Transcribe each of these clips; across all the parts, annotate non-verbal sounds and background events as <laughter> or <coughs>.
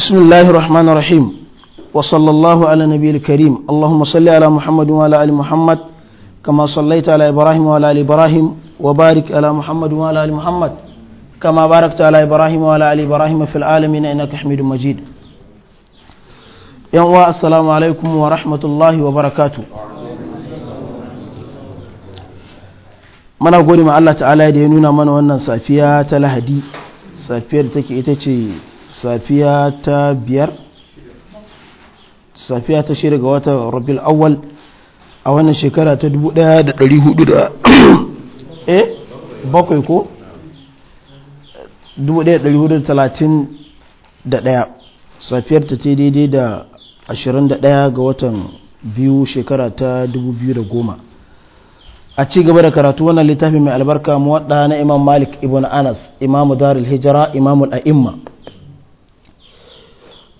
بسم الله الرحمن الرحيم وصلى الله على النبي الكريم اللهم صل على محمد وعلى ال محمد كما صليت على ابراهيم وعلى ال ابراهيم وبارك على محمد وعلى ال محمد كما باركت على ابراهيم وعلى ال ابراهيم في العالمين انك حميد مجيد يوم السلام عليكم ورحمه الله وبركاته mana gode ma Allah ta'ala da ya nuna mana wannan safiya ta lahadi safiyar take ita ce safiya ta biyar safiya ta shirya ga watan rabil awal a wannan shekara ta 1400 <coughs> eh bakwai ko 1431 safiyar ta ce daidai da 21 ga watan biyu shekara ta 2010 a ci gaba da karatu wannan littafi mai albarka muwadda na imam malik ibn anas imamu darul hijira imamu a'imma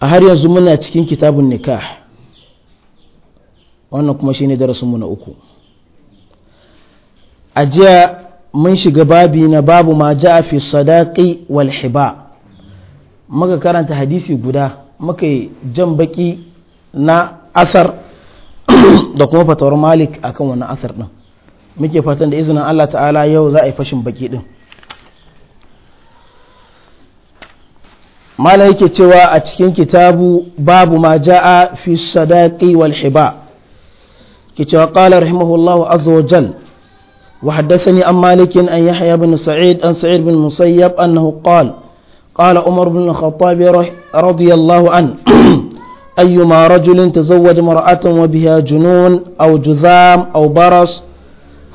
a har yanzu muna cikin kitabun nikah wannan kuma shine darasinmu na uku a jiya mun shiga babi na babu ma ja fi sadaqi wal hiba muka karanta hadisi guda muka yi jan baki na asar <coughs> da kuma fatawar malik akan wannan asar din muke fatan da izinin Allah ta'ala yau za a yi fashin baki din mala yake cewa a cikin kitabu babu ma ja'a fi sadaqi wal hiba ke cewa qala rahimahullah azza wa jal wa haddathani an malik an yahya ibn sa'id an sa'id ibn musayyab annahu qala قال عمر بن الخطاب رضي الله عنه أيما رجل تزوج امرأة وبها جنون أو جذام أو برص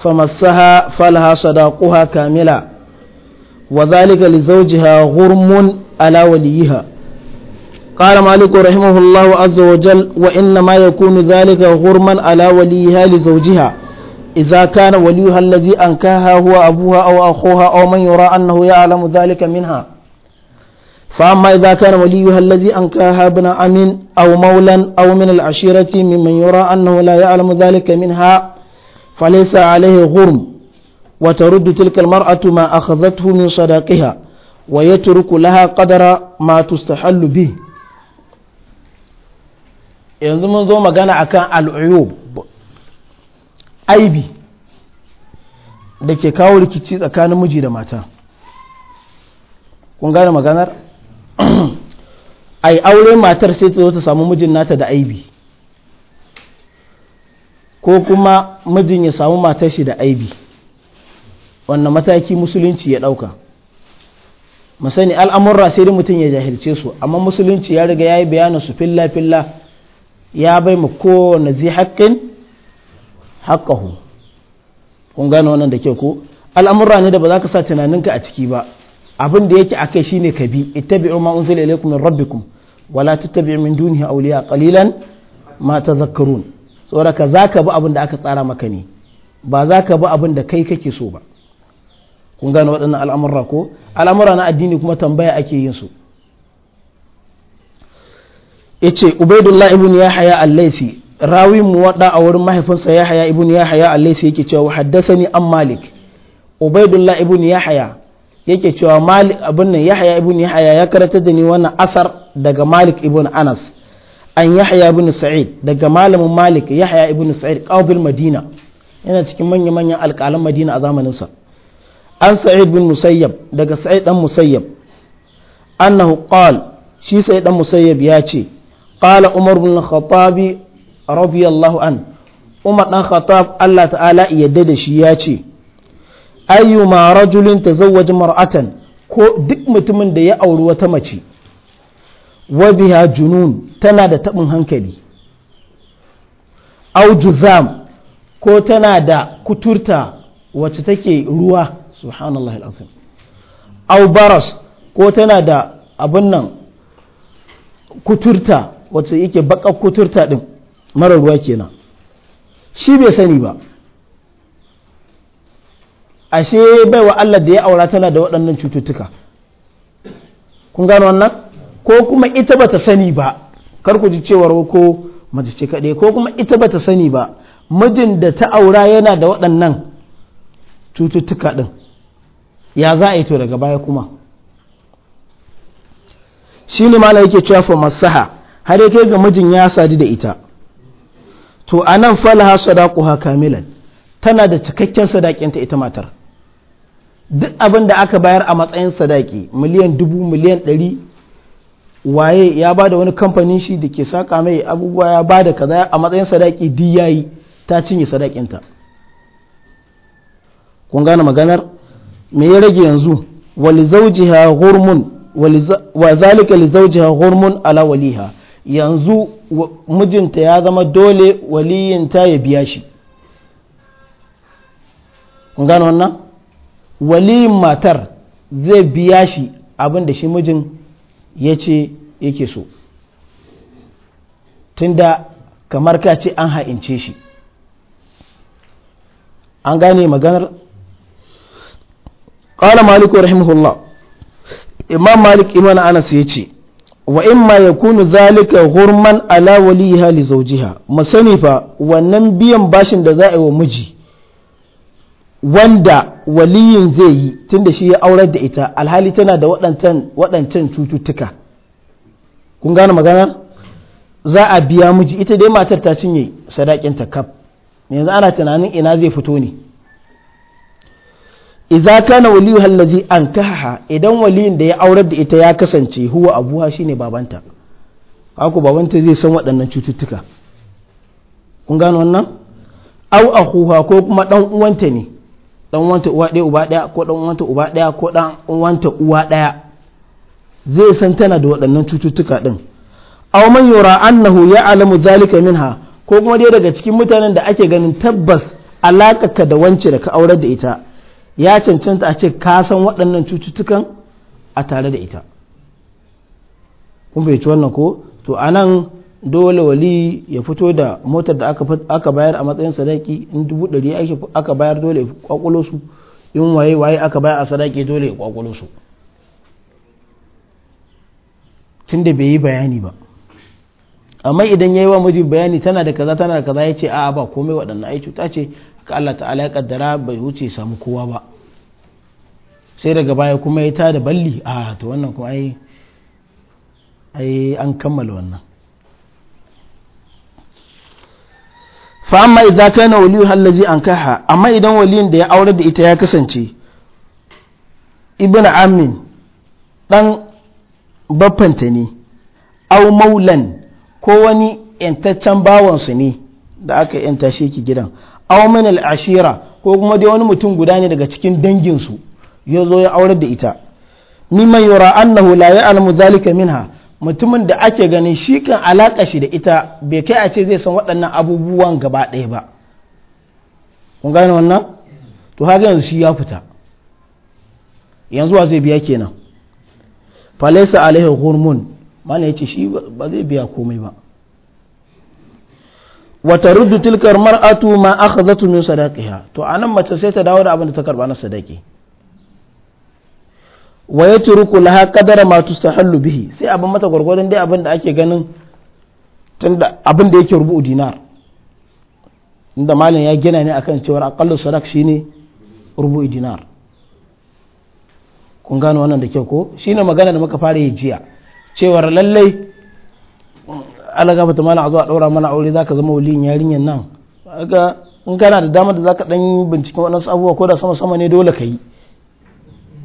فمسها فلها صداقها كاملا وذلك لزوجها غرم على وليها قال مالك رحمه الله عز وجل وإنما يكون ذلك غرما على وليها لزوجها إذا كان وليها الذي أنكاها هو أبوها أو أخوها أو من يرى أنه يعلم ذلك منها فأما إذا كان وليها الذي أنكاها ابن أم أو مولا أو من العشيرة ممن يرى أنه لا يعلم ذلك منها فليس عليه غرم وترد تلك المرأة ما أخذته من صداقها wa ya turku laha qadara ma tustahallu bi yanzu mun zo magana akan al'uyub aibi da ke kawo rikici tsakanin miji da mata kun gane maganar ai aure matar sai ta zo ta samu mijin nata da aibi ko kuma mijin ya samu matar shi da aibi wannan mataki musulunci ya ɗauka mu sani al'amurra sai da mutum ya jahilce su amma musulunci ya riga ya yi bayanin su filla filla ya bai mu kowane zai haƙƙin haƙƙahu kun gano wannan da ke ko al'amurra ne da ba za ka sa tunaninka a ciki ba abin da yake akai shine ka bi bi umar unzila ilaykum min rabbikum wala tattabi'u min dunihi awliya qalilan ma tadhakkarun saboda ka zaka bi abin da aka tsara maka ne ba za ka bi abin da kai kake so ba kun gane waɗannan al'amura ko al'amura na addini kuma tambaya ake yin su yace ubaidullah ibn yahya al-laythi rawi muwadda a wurin mahaifinsa yahya ibn yahya al-laythi yake cewa wa haddathani an malik ubaidullah ibn yahya yake cewa malik abin nan yahya ibn yahya ya karanta da ni wannan asar daga malik ibn anas an yahya ibn sa'id daga malamin malik yahya ibn sa'id qawbil madina yana cikin manya-manyan alƙalan madina a zamaninsa sa an sa'id bin musayyab daga sa'id ɗan musayyab annahu qal shi sa'id ɗan musayyab ya ce qala umar bin khattabi radiyallahu an umar dan khattab Allah ta'ala yadda da shi ya ce ayyuma rajulin tazawwaja mar'atan ko duk mutumin da ya auri wata mace wa biha junun tana da taɓin hankali Au juzam ko tana da kuturta wacce take ruwa subhanallah al'azim au baras ko tana da abin nan kuturta wacce yake baka kuturta din marar ruwa kenan shi bai sani ba ashe bai wa Allah da ya aura tana da waɗannan cututtuka kun gano wannan ko kuma ita bata sani ba kar ku ji cewar ko mace ce kaɗai ko kuma ita bata sani ba mijin da ta aura yana da waɗannan cututtuka ɗin ya za a yi to daga baya kuma shi ne mala yake cewa fa masaha har yake ga mijin ya sadu da ita to anan falaha sadaquha kamilan tana da cikakken sadakin ta ita matar duk abin da aka bayar a matsayin sadaki miliyan dubu miliyan ɗari waye ya ba da wani kamfanin shi da ke saka mai abubuwa ya ba da kaza a matsayin sadaki di yayi ta cinye sadakinta kun gane maganar me ya rage yanzu wali wa zalika li ghurmun ala waliha yanzu mijinta ya zama dole waliyinta ya biya shi kun gano wannan waliyin matar zai biya shi abin da shi mijin ya ce yake so tunda kamar ka ce an ha'ince shi an gane maganar qala malik rahimahullah imam malik ibn anas ce. wa imma yakunu zalika hurman ala waliha li zawjiha masani fa wannan biyan bashin da za a yi wa miji wanda waliyin zai yi tunda shi ya aurar da ita alhali tana da waɗancan cututtuka kun gane magana za a biya miji ita dai matar ta cinye sadakinta kaf yanzu ana tunanin ina zai fito ne idza kana waliyuha allazi ankahaha idan waliyin da ya aurar da ita ya kasance huwa abuha shine babanta haka babanta zai san waɗannan cututtuka kun gano wannan au akhuha ko kuma dan uwanta ne dan uwanta uwa ɗaya uba ɗaya ko dan uwanta uba ɗaya ko dan uwanta uwa ɗaya zai san tana da waɗannan cututtuka din aw man yura annahu ya'lamu zalika minha ko kuma dai daga cikin mutanen da ake ganin tabbas alaka ka da wance da ka aurar da ita ya cancanta a ce ka san waɗannan cututtukan a tare da ita kun fahimci wannan ko to a nan dole wali ya fito da motar da aka bayar a matsayin sadaki in dubu ɗari aka bayar dole ya kwakwalo su in waye waye aka bayar a sadaki dole ya kwakwalo su tun da bai yi bayani ba amma idan ya yi wa miji bayani tana da kaza tana da kaza ya ce a ba komai waɗannan ai cuta ce Ka Allah ta'ala ya kaddara bai wuce samu kowa ba sai daga baya kuma ya da balli a to wannan kuma ai ai an kammala wannan fa amma idza kana waliyu allazi ankaha amma idan waliyin da ya aure da ita ya kasance ibnu amin dan baffanta ne au maulan ko wani yantaccen bawansu ne da aka yanta shi ki gidan aw ashira ko kuma dai wani mutum guda ne daga cikin danginsu ya zo ya aurar da ita mimman yura annahu la ya'lamu min minha mutumin da ake ganin shi kan alaka shi da ita bai kai a ce zai san waɗannan abubuwan gaba ɗaya ba kun gane wannan to haka yanzu shi ya fita yanzu wa zai biya kenan falaisa alaihi hormon mana ya ce shi ba zai biya komai ba wata ruddu tilkar mar'atu ma akhadhatu min sadaqiha to anan mace sai ta dawo da abin da ta karba na sadaki wa yatruku laha qadara ma tustahallu bihi sai abin mata gwargwadon dai abin da ake ganin tunda abin da yake rubu dinar inda malam ya gina ne akan cewar aqallu sadaq shine rubu dinar kun gano wannan da kyau ko shine magana da muka fara yi jiya cewar lallai alaga ta mana a zuwa a daura mana aure za ka zama waliyin yarinyar nan kaga in kana da dama da za zaka dan binciken wannan abubuwa ko da sama sama ne dole ka yi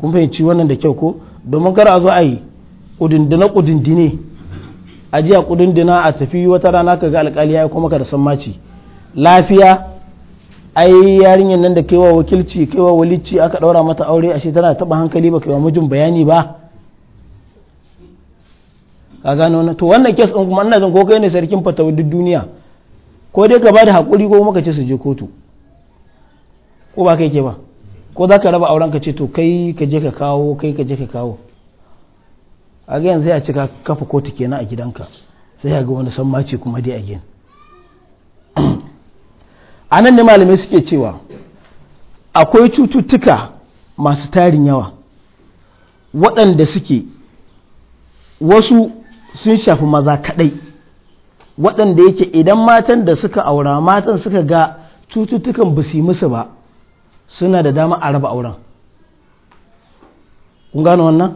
kun fahimci wannan da kyau ko domin kar a zo a yi kudindina kudindine a jiya kudindina a tafi wata rana ka ga alkali ya kuma ka da maci lafiya ai yarinyar nan da kaiwa wakilci kaiwa walici aka ɗaura mata aure ashe tana taba hankali ba kaiwa mijin bayani ba ka gano na to wannan kes din kuma ina jin ko kai ne sarkin fata duk duniya ko dai ka ba da hakuri ko kuma ce su je kotu ko ba kai ke ba ko za ka raba auren ka ce to kai ka je ka kawo kai ka je ka kawo a ga yanzu a ci ka kafa kotu kenan a gidanka sai ya ga wani san mace kuma dai a gidan a nan ne malamai suke cewa akwai cututtuka masu tarin yawa waɗanda suke wasu sun shafi maza kaɗai waɗanda yake idan matan da suka aura matan suka ga cututtukan ba su yi musu ba suna da dama a raba auren kun wannan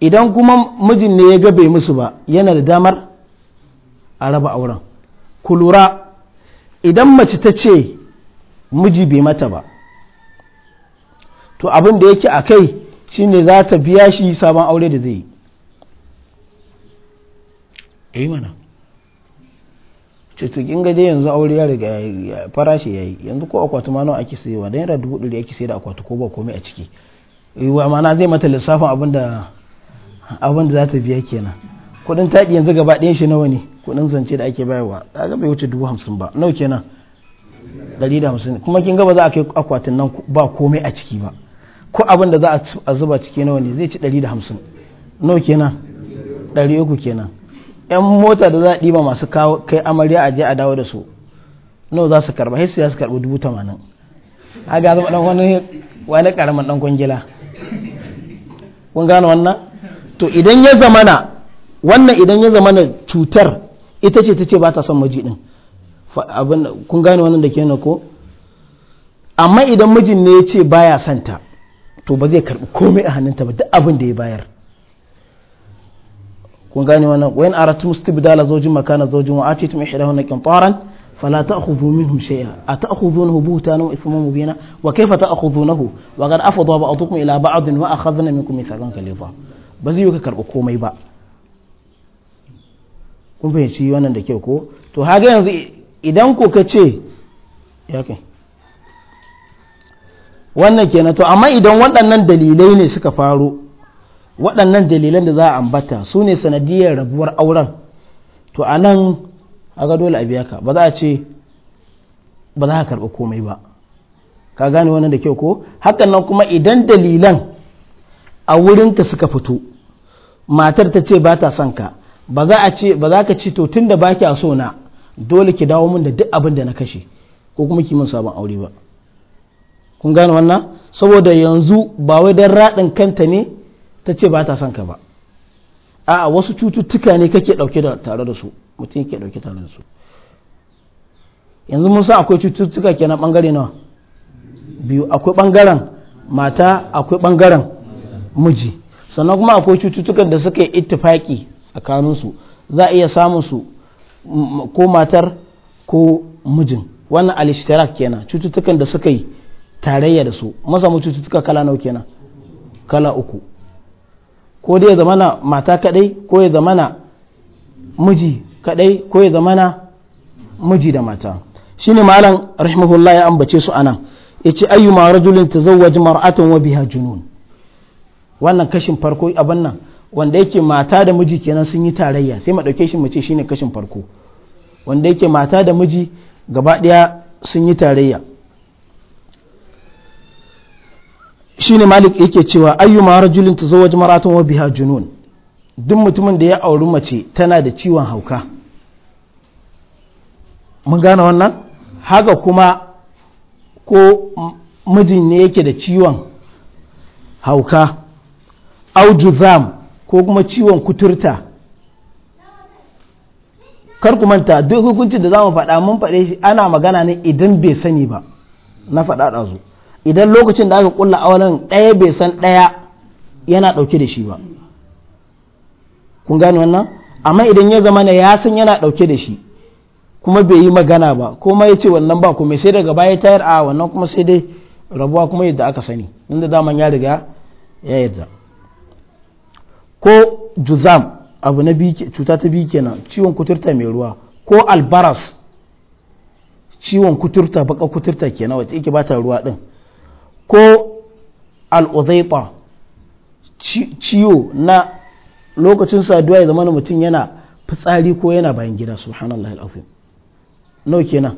idan kuma mijin ne ya ga bai musu ba yana da damar a raba auren ku lura idan mace ta ce miji bai mata ba to abin da yake a kai shine za ta biya shi sabon aure da zai yi eh mana cikin ga dai yanzu aure ya riga farashi ya yi yanzu ko akwati ma nawa ake sayewa dan yana dubu ɗari ake sayar da akwati ko ba komai a ciki eh, ma na zai mata lissafin abin da za ta biya kenan kudin taɗi yanzu gaba ɗayan shi nawa ne kudin zance da ake bayarwa kaga bai wuce dubu hamsin ba nawa kenan ɗari da hamsin kuma kin ga ba za a kai akwatin nan ba komai a ciki ba ko abin da za a zuba ciki nawa ne zai ci ɗari da hamsin nawa kenan ɗari uku kenan 'yan mota da za a ɗiba masu kai amarya a je a dawo da su nawa za su karba sai ya su karbi dubu tamanin a ga zama wani wani karamin ɗan kwangila kun gano wannan to idan ya zamana wannan idan ya zamana cutar ita ce ta ce ba ta son maji din kun gane wannan da ke yana ko amma idan mijin ne ya ce baya santa to ba zai karbi komai a hannunta ba duk abin da ya bayar kun gane wannan wa in aratum istibdala zawjin makana zawjin wa atitum ihdahunna qintaran فلا تأخذوا منهم شيئا أتأخذونه بهتانا وإثما مبينا وكيف تأخذونه وقد أفضى بعضكم إلى بعض وأخذنا منكم ميثاقا غليظا yuka karba komai ba. kun fahimci wannan da kyau ko to haga yanzu idan ko ka ce wannan kenan to amma idan waɗannan dalilai ne suka faru. waɗannan dalilan da za a ambata su ne sanadiyar rabuwar auren to a nan ga dole a biya ka ba za a ce ba za a karɓi komai ba ka gane wannan da kyau ko hakan nan kuma idan dalilan a wurinta suka fito matar ta ce ba ta son ka ba za a ce ba za ka ci to tun da ba kya so na dole ki dawo min da duk abin da na kashe ko kuma ki min sabon aure ba kun gane wannan saboda yanzu ba wai dan raɗin kanta ne ta ce ba ta son ka ba a wasu cututtuka ne kake dauke da tare da su mutum yake dauke tare da su yanzu mun san akwai cututtuka na bangare nawa biyu akwai bangaren mata akwai bangaren miji sannan kuma akwai cututtukan da suka yi ittifaki tsakanin su za a iya samun su mm, mm, ko matar ko mijin wannan al kenan cututtukan da suka yi tarayya da su mun cututtuka kala nawa kenan kala uku ko dai ya zamana mata kadai ko ya zamana miji kadai ko ya zamana miji da mata shine malam rahimahullah ya ambace su anan yace ayyuma rajulin tazawwaj mar'atan wa biha junun wannan kashin farko abin nan wanda yake mata da miji kenan sun yi tarayya sai mu dauke shi mu ce shine kashin farko wanda yake mata da miji gaba daya sun yi tarayya shine malik yake cewa ayyuma rajulin tazawwaj mar'atan wa biha junun duk mutumin da ya auri mace tana da ciwon hauka mun gane wannan haka kuma ko mijin ne yake da ciwon hauka aujuzam ko kuma ciwon kuturta kar ku manta duk hukuncin da za mu faɗa mun faɗe shi ana magana ne idan bai sani ba na faɗa ɗazu idan lokacin da aka kulla auren ɗaya bai san ɗaya yana ɗauke da shi ba kun gane wannan amma idan ya zama ne ya san yana ɗauke da shi kuma bai yi magana ba kuma ya ce wannan ba kuma sai daga baya tayar a wannan kuma sai dai rabuwa kuma yadda aka sani inda daman ya riga ya yarda ko juzam abu na cuta ta biyu kenan ciwon kuturta mai ruwa ko albaras ciwon kuturta baka kuturta kenan wacce yake bata ruwa din ko al'uzaita ciwo na lokacin saduwa ya zama mutum yana fitsari ko yana bayan gida subhanallah al'azim nau kenan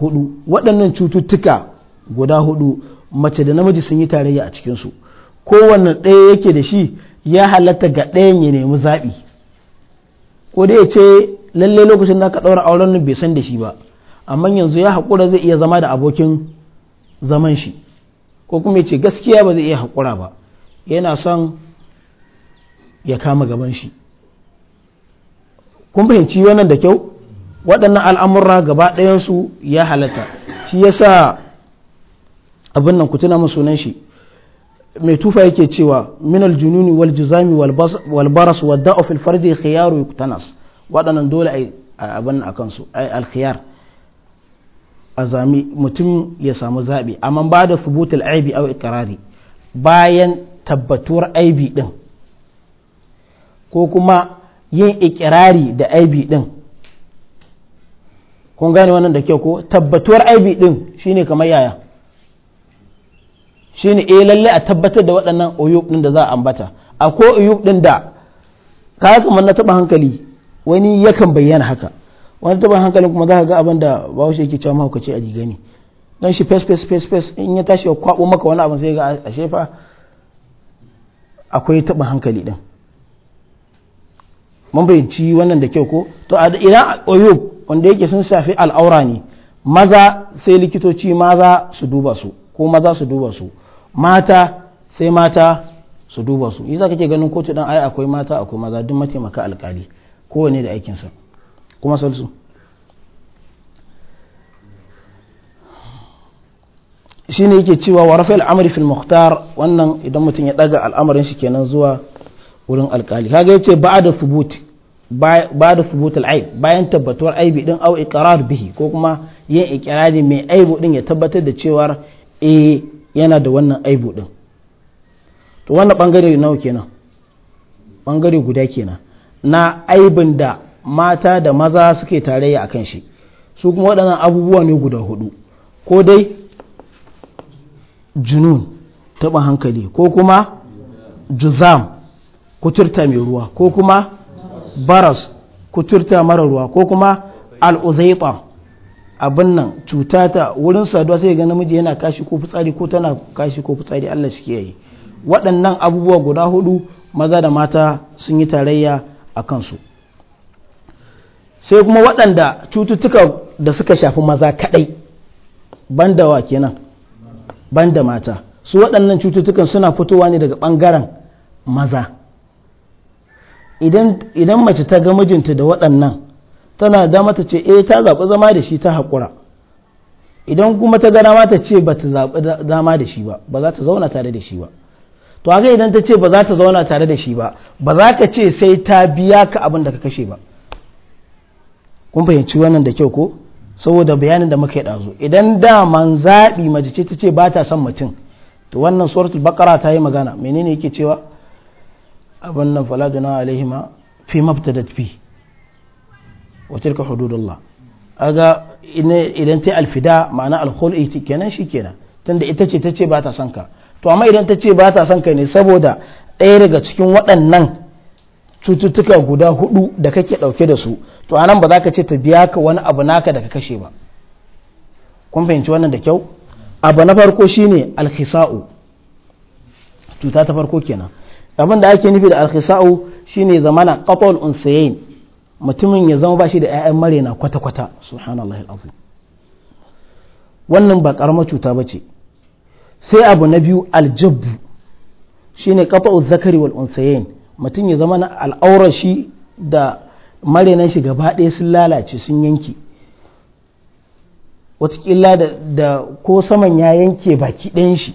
hudu waɗannan cututtuka guda hudu mace da namiji sun yi tarayya a cikinsu kowanne ɗaya yake da shi ya halatta ga ɗayan ya nemi zaɓi ko da ya ce lalle lokacin da aka ɗaura auren nan bai san da shi ba amma yanzu ya haƙura zai iya zama da abokin zaman shi ko kuma ce gaskiya ba zai iya haƙura ba yana son ya kama gaban shi kun fahimci wannan da kyau waɗannan al'amurra gaba ɗayansu ya halatta shi ya sa abin nan ku tuna sunan shi mai tufa yake cewa minal jununi wal juzami wal baras wadda ofil farji khiyaru waɗannan dole a abin a kansu ai alkhiyar a zami mutum ya samu zaɓi amma ba da subutul aibi au ikirari bayan tabbatuwar aibi ɗin ko kuma yin ikirari da aibi ɗin kun gane wannan da kyau ko tabbatuwar aibi ɗin shine kamar yaya shine eh lalle a tabbatar da waɗannan uyub ɗin da za a ambata akwai uyub ɗin da ka kamar na taɓa hankali wani yakan bayyana haka wani taɓa hankalin kuma za ka ga abin da wasu yake cewa mahaukaci a riga ne don shi fes fes fes fes in ya tashi ya kwabo maka wani abin sai ga a shefa akwai taɓa hankali din mun bayyanci wannan da kyau ko to a idan oyo wanda yake sun shafi al'aura ne maza sai likitoci maza su duba su ko maza su duba su mata sai mata su duba su yi za ka ke ganin kotu dan ai akwai mata akwai maza duk mataimaka alkali kowane da aikinsa kuma su shi ne yake cewa wa rafael al'amari fil muhtar wannan idan mutum ya daga al'amarin shi kenan zuwa wurin alkali kaga yace ba da thubut ba da thubut al'aib bayan tabbatuwar aibi din au iqrar bihi ko kuma yin iqrari mai aibu din ya tabbatar da cewar eh yana da wannan aibu din to wannan bangare nawa kenan bangare guda kenan na aibin da mata da maza suke tarayya a kan shi su kuma waɗannan abubuwa ne guda hudu ko dai junun taɓa hankali ko kuma juzam kuturta mai ruwa ko kuma baras kuturta mara ruwa ko kuma al'uzaifa abin nan cuta ta wurin saduwa sai ga namiji yana kashi ko fitsari ko tana kashi ko fitsari Allah shi yi waɗannan abubuwa guda hudu maza da mata sun yi tarayya a kansu sai kuma waɗanda cututtuka da suka shafi maza kaɗai banda wa kenan banda mata su waɗannan cututtukan suna fitowa ne daga ɓangaren maza idan mace ta ga mijinta da waɗannan tana da mata ce eh ta zaɓi zama da shi ta haƙura idan kuma ta gana mata ce ba ta zaɓi zama da shi ba ba za ta zauna tare da shi ba to haka idan ta ce ba za ta zauna tare da shi ba ba za ka ce sai ta biya ka abin da ka kashe ba kun fahimci wannan da kyau ko saboda bayanin da muka yi ɗazu idan da zaɓi mace ce ta ce ba ta son mutum to wannan suratul baqara ta yi magana menene yake cewa abin nan faladuna ma fi mabtadat fi wa tilka hududullah aga idan ta alfida ma'ana alkhul'i kenan shikenan tunda ita ce ta ce ba ta son ka to amma idan ta ce ba ta son ka ne saboda ɗaya daga cikin waɗannan cututtuka guda hudu da kake dauke da su to anan ba za ka ce ta biya ka wani abu naka da ka kashe ba kun fahimci wannan da kyau abu na farko shine alkhisa'u cuta ta farko kenan abin da ake nufi da alkhisa'u shine zamana qatl unsayin mutumin ya zama bashi da ƴaƴan na kwata kwata subhanallahi alazim wannan ba karamar cuta bace sai abu na biyu aljabbu shine qatl zakari wal unsayin mutum ya zama al'aurar shi da marinan shi gaba ɗaya sun lalace sun yanki watakila da ko saman ya yanke baki ɗayan shi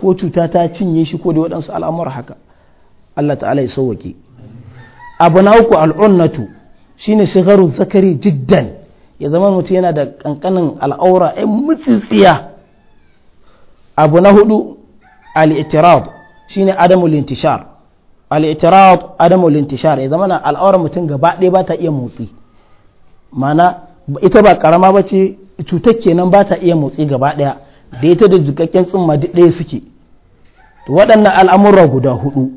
ko cuta ta cinye shi ko da waɗansu al'amur haka Allah ta'ala ya sauwake abu na uku al'unnatu shi shine shigaru zakari jiddan ya zama mutum yana da ƙanƙanin al'aura ai mutsitsiya abu na hudu shi ne Adamu Lintishar. alitirat adamu lintishar ya zama na al'aurar mutum gaba ɗaya ba ta iya motsi mana ita ba ƙarama ba ce cutar kenan ba ta iya motsi gaba ɗaya da ita da jikakken tsimma duk ɗaya suke to waɗannan al'amurra guda hudu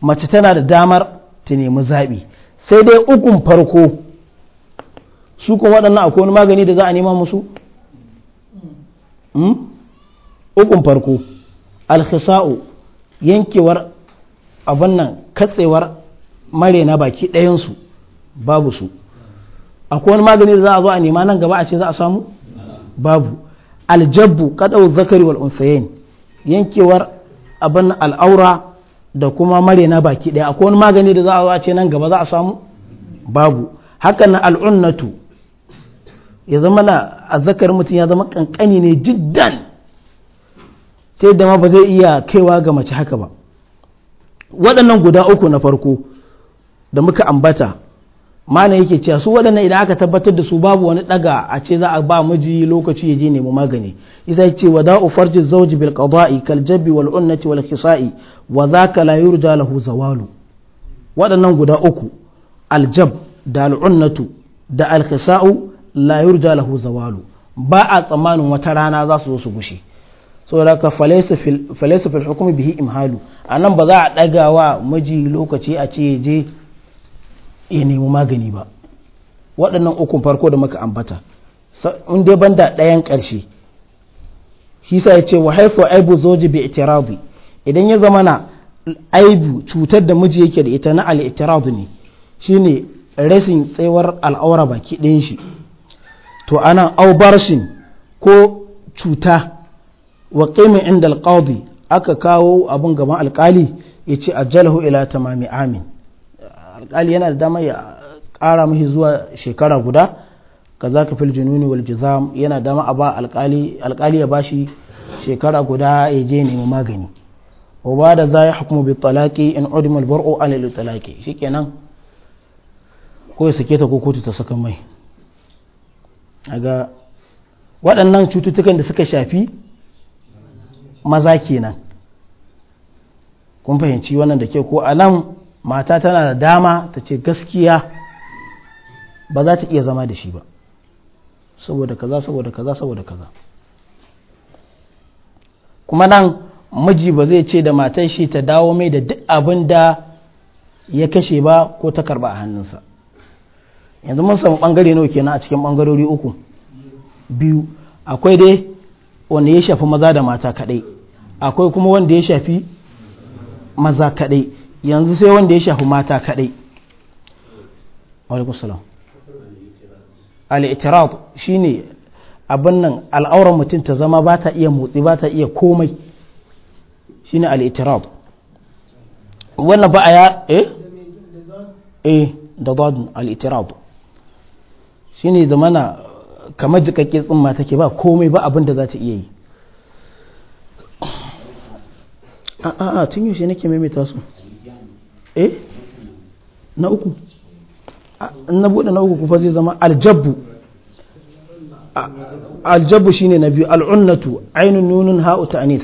mace tana da damar ta nemi zaɓi sai dai ukun farko su kuma waɗannan akwai wani magani da za a nema musu hmm? ukun farko alkhisa'u yankewar abin nan katsewar mare na baki ɗayansu babu su akwai wani magani da za a zo a nema nan gaba a ce za a samu babu aljabbu kadau zakari wal unsayin yankewar abin al'aura da kuma mare na baki ɗaya akwai wani magani da za a zo a ce nan gaba za a samu babu haka na al'unnatu ya zama na a azzakar mutum ya zama kankani ne jiddan ta yadda ma ba zai iya kaiwa ga mace haka ba waɗannan guda uku na farko da muka ambata mana yake cewa su waɗannan idan aka tabbatar da su babu wani ɗaga a ce za a ba miji lokaci ya je nemi magani isa ce wa da'u farji zawji bil qada'i kal jabbi wal unnati wal khisa'i wa dhaka la yurja lahu zawalu waɗannan guda uku al jab da al unnatu da al khisa'u la yurja lahu zawalu ba a tsammanin wata rana za su zo su gushe saboda ka hukumi bihi imhalu a nan ba za a ɗaga wa maji lokaci a ce je ya nemi magani ba waɗannan ukun farko da muka ambata in dai banda ɗayan ƙarshe shi sa ya ce wa haifu aibu zoji bi itiradu idan ya zama na aibu cutar da miji yake da ita na al ne shine rashin tsayuwar al'aura baki ɗin shi to anan aubarshin ko cuta wa qima inda alqadi aka kawo abun gaban alkali yace ce ajalahu ila tamami amin alkali yana da dama ya kara mishi zuwa shekara guda kaza ka fil jununi wal jizam yana dama a ba alkali ya bashi shekara guda ya je nemi magani wa ba za ya hukumu bi talaqi in udima al bar'u ala al talaqi shikenan ko ya sake ta ko kotu ta saka mai aga waɗannan cututtukan da suka shafi maza kenan kun fahimci wannan da ke ko a mata tana da dama ta ce gaskiya ba za ta iya zama da shi ba saboda kaza saboda kaza saboda kaza kuma nan miji ba zai ce da matan shi ta dawo mai da duk abin da ya kashe ba ko ta karba a hannunsa yanzu mun samu bangare nawa kenan a cikin bangarori uku biyu akwai dai wanda ya shafi maza da mata kadai akwai kuma wanda ya shafi maza kadai yanzu sai wanda ya shafi mata kadai alaikum salam al shi ne abin nan al'auran mutum ta zama ba ta iya motsi ba ta iya komai shi ne itirad wannan ba a ya eh eh da dadun al Shi ne da mana kamar jikakke tsumma take ba komai ba abin da za ta iya yi a a tun yaushe nake maimaita su eh na uku na bude na uku kufa zai zama aljabu aljabbu shine na biyu al'unnatu ainihin nunun ha'u anis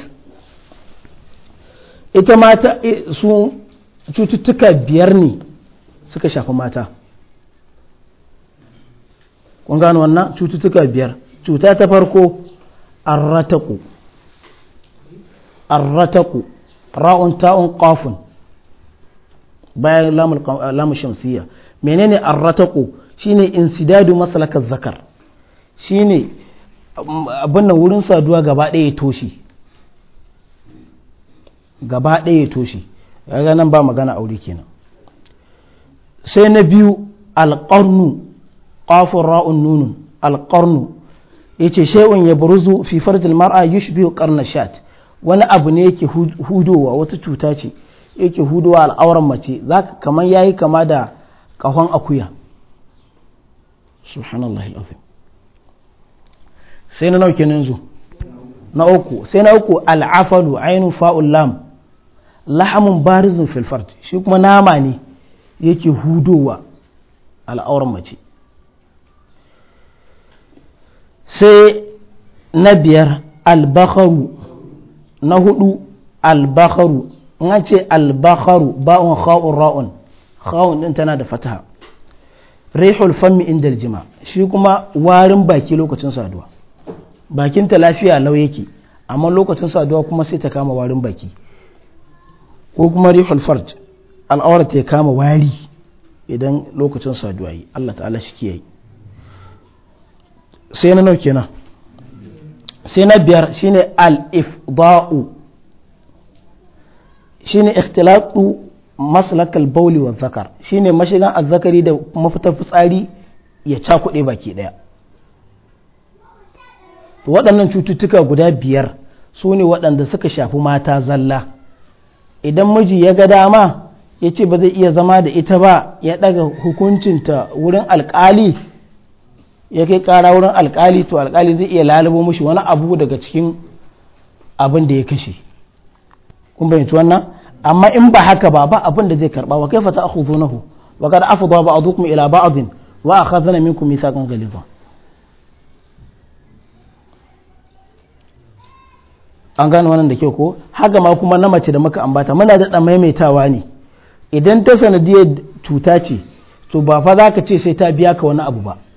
ita mata su cututtuka biyar ne suka shafi mata kun gano wannan cututtuka biyar cuta ta farko arrataku arrataku ra'un ta'un qafun bayan eh, lamu shamsiyya menene arrataku shine insidadu masalakar zakar shine abin nan wurin saduwa gaba ɗaya toshi gaba ɗaya toshi nan ba magana aure kenan sai na biyu alƙarnu qafun ra'un nunun alqarnu yace shay'un yabruzu fi farjil mar'a yushbihu qarna shat wani abu ne yake hudowa wata cuta ce yake hudowa al'auran mace zaka kaman yayi kama da kahon akuya subhanallah alazim sai na nauke nan zo na uku sai na uku al'afalu ainu fa'ul lam lahamun barizun filfart shi kuma nama ne yake hudowa al'auran mace sai na biyar albakaru na hudu albaharu in ce albakaru ba'un kha'un ra'un kha'un din tana da fataha rihul fammi inda jima shi kuma warin baki lokacin saduwa bakinta lafiya lau yake amma lokacin saduwa kuma sai ta kama warin baki ko kuma rihul farj al'aurata ya kama wari idan lokacin saduwa yi Allah ta'ala shi kiyaye sai na nauke na sai na biyar shine al shi shine ikhtilatu maslakal bauli wa zakar shine mashigan azzakari da mafitar fitsari ya cakuɗe baki ɗaya waɗannan cututtuka guda biyar su ne waɗanda suka shafi mata zalla idan miji ya ga dama ya ce ba zai iya zama da ita ba ya ɗaga hukuncinta wurin alƙali ya kai kara wurin alkali to alkali zai iya lalubo mashi wani abu daga cikin abin da ya kashe kun bayyanci wannan amma in ba haka ba ba abin da zai karba wa kaifa ta'khudunahu wa qad afdha ba'dukum ila ba'din wa akhadna minkum mithaqan ghalidha an gane wannan da ke ko haka ma kuma na mace da muka ambata muna da dan maimaitawa ne idan ta sanadiyar cuta ce to ba fa za ka ce sai ta biya ka wani abu ba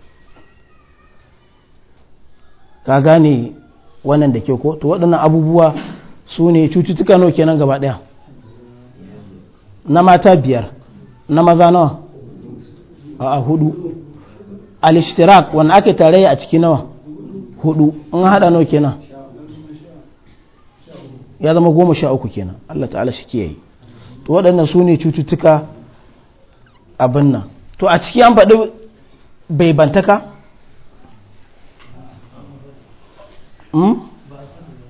ka gane wannan da ke ko to waɗannan abubuwa su ne cututtuka nawa kenan gaba ɗaya na mata biyar na maza nawa a hudu alishtirak wanda ake tare a ciki nawa hudu in haɗa nawa kenan ya zama goma sha uku kenan Allah ta'ala shi kiyaye to waɗannan su ne cututtuka abin nan to a ciki an faɗi baibantaka Hmm?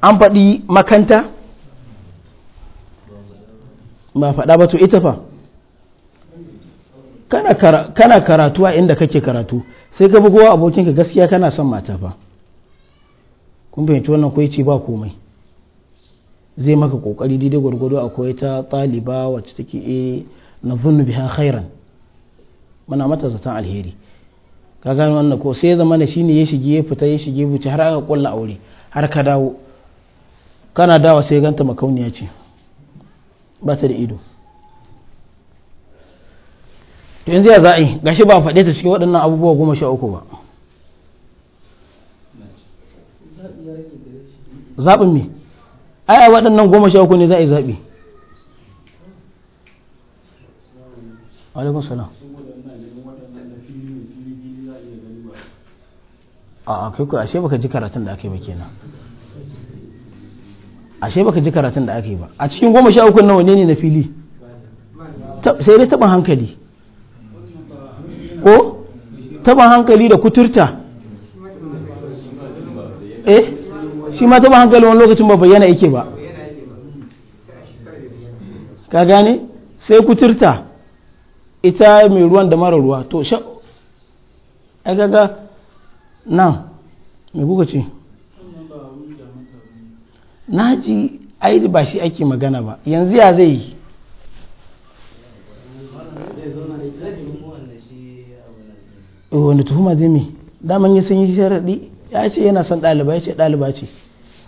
an faɗi makanta ba faɗa ba to ita fa kana karatu a inda kake karatu sai ka bugowa abokinka gaskiya kana son mata fa kun fahimci wannan kawai ce ba komai zai maka kokari daidai gwargwado akwai ta ɗaliba wacce take eh, na zunubi ha khairan muna mata zaton alheri ka gano wannan ko sai zama na shine ya shige ya fita ya shige buci har aka kulla aure har ka dawo kana dawa sai ganta makauniya ce ba ta da ido to yanzu ya za'i gashi ba faɗe ta cikin waɗannan abubuwa goma sha uku ba zaɓin me ai a waɗannan goma sha uku ne za a yi zaɓi alaikun salam a kai ku ashe baka ji karatun da aka yi ba kenan ashe baka ji karatun da aka yi ba a cikin goma sha uku nawa ne ne na fili sai dai taɓin hankali ko taɓin hankali da kuturta eh shi ma taɓin hankali wani lokacin ba bayyana yake ba ka gane sai kuturta ita mai ruwan da mara ruwa to sha ga nan mai kuka ce na ji aidi ba shi ake magana ba yanzu ya zai yi eh, wani tuhuma zai mai daman yi sun yi sharaɗi ya ce yana son ɗaliba ya ce ɗaliba ce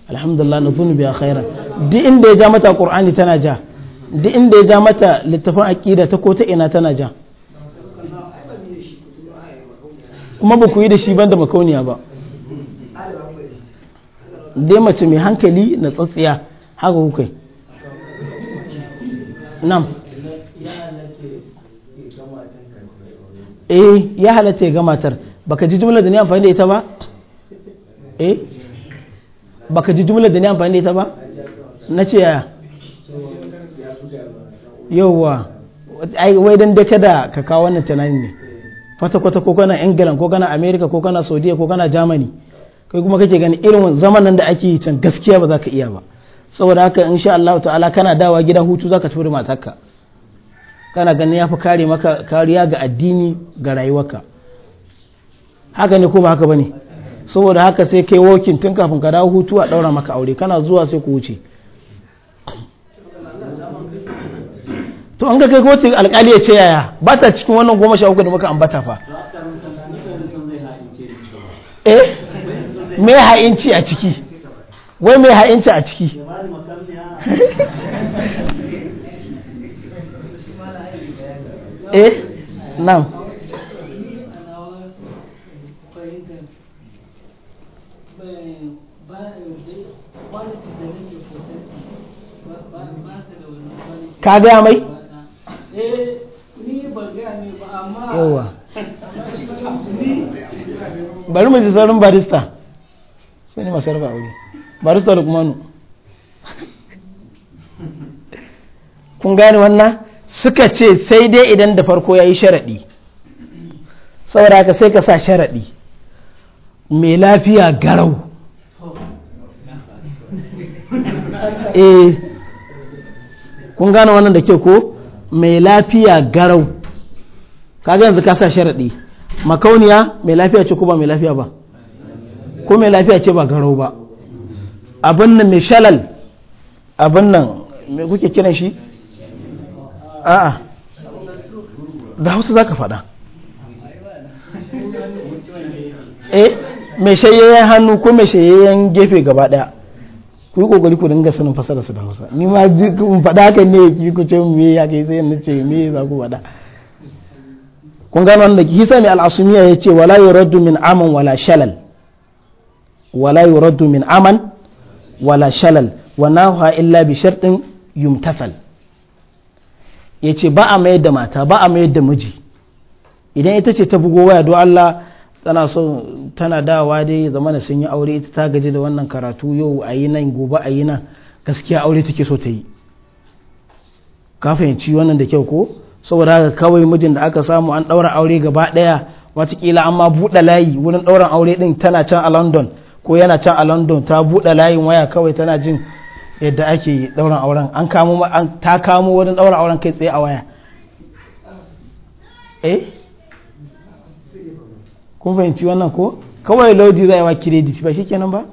alhamdulillah na funu biya khaira duk inda ya ja mata ƙur'ani tana ja duk inda ya ja mata littafin aƙida ta ko ta ina tana ja kuma ba ku yi da shi ban da makauniya ba dai mace mai hankali na tsatsiya haka kuka nan eh ya halatta ya ga matar baka ji jimla da ni amfani da ita ba eh baka ji jimla da ni amfani da ita ba na ce yaya yauwa wai dan da kada ka kawo wannan tunanin ne kwata-kwata ko kana england ko kana america ko kana saudiya ko kana germany kai kuma kake gani irin zaman nan da ake yi can gaskiya ba za ka iya ba saboda haka sha Allah ta'ala kana dawa gida hutu za ka tura matarka kana ganin ya fi kare maka kariya ga addini ga rayuwarka haka ne ko ba haka bane saboda haka sai kai wokin tun kafin ka dawo hutu a daura maka aure kana zuwa sai ku wuce to an ga kai kotu alkali ya ce yaya ba ta cikin wannan goma sha uku da muka ambata fa eh mai ha'inci a ciki wai me ha'inci a ciki <laughs> eh nan ka gaya mai Eh, ni amma yawa <laughs> bari mu ji saurin barista su ne masu raba aure barista da kuma nu kun gane wannan suka ce sai dai idan da farko ya yi sharaɗi saboda haka sai ka sa sharaɗi mai lafiya garau <laughs> eh kun gane wannan da ke ko mai lafiya garau kaga yanzu kasa sharaɗi makauniya mai lafiya ce ko ba mai lafiya ba ko mai lafiya ce ba garau ba abin nan mai shalal abin nan mai kuke kiran shi a'a da hausa za ka faɗa eh mai shayayyen hannu ko mai shayayyen gefe gaba ɗaya ku yi kokari ku dinga sanin fasara su da Hausa ni ma ji kun faɗa kan ne ki ku ce me ya kai sai na ce me za ku faɗa kun gano wanda ki hisa al-asmiya ya ce wala yuraddu min aman wala shalal wala yuraddu min aman wala shalal wa nahwa illa bi shartin yumtasal yace ba a mayar da mata ba a mayar da miji idan ita ce ta bugo waya don Allah tana so tana dawa dai da sun yi aure ita ta gaji da wannan karatu yau a yi nan gobe a yi nan gaskiya aure take so ta yi ka fahimci wannan da kyau ko saboda haka kawai mijin da aka samu an ɗaura aure gaba ɗaya watakila an ma buɗe layi wurin ɗauran aure ɗin tana can a london ko yana can a london ta buɗe layin waya kawai tana jin yadda ake ɗauran auren an kamo ta kamo wurin ɗauran auren kai tsaye a waya eh kun fahimci wannan ko kawai lodi za a yi wa kiredit ba shi kenan ba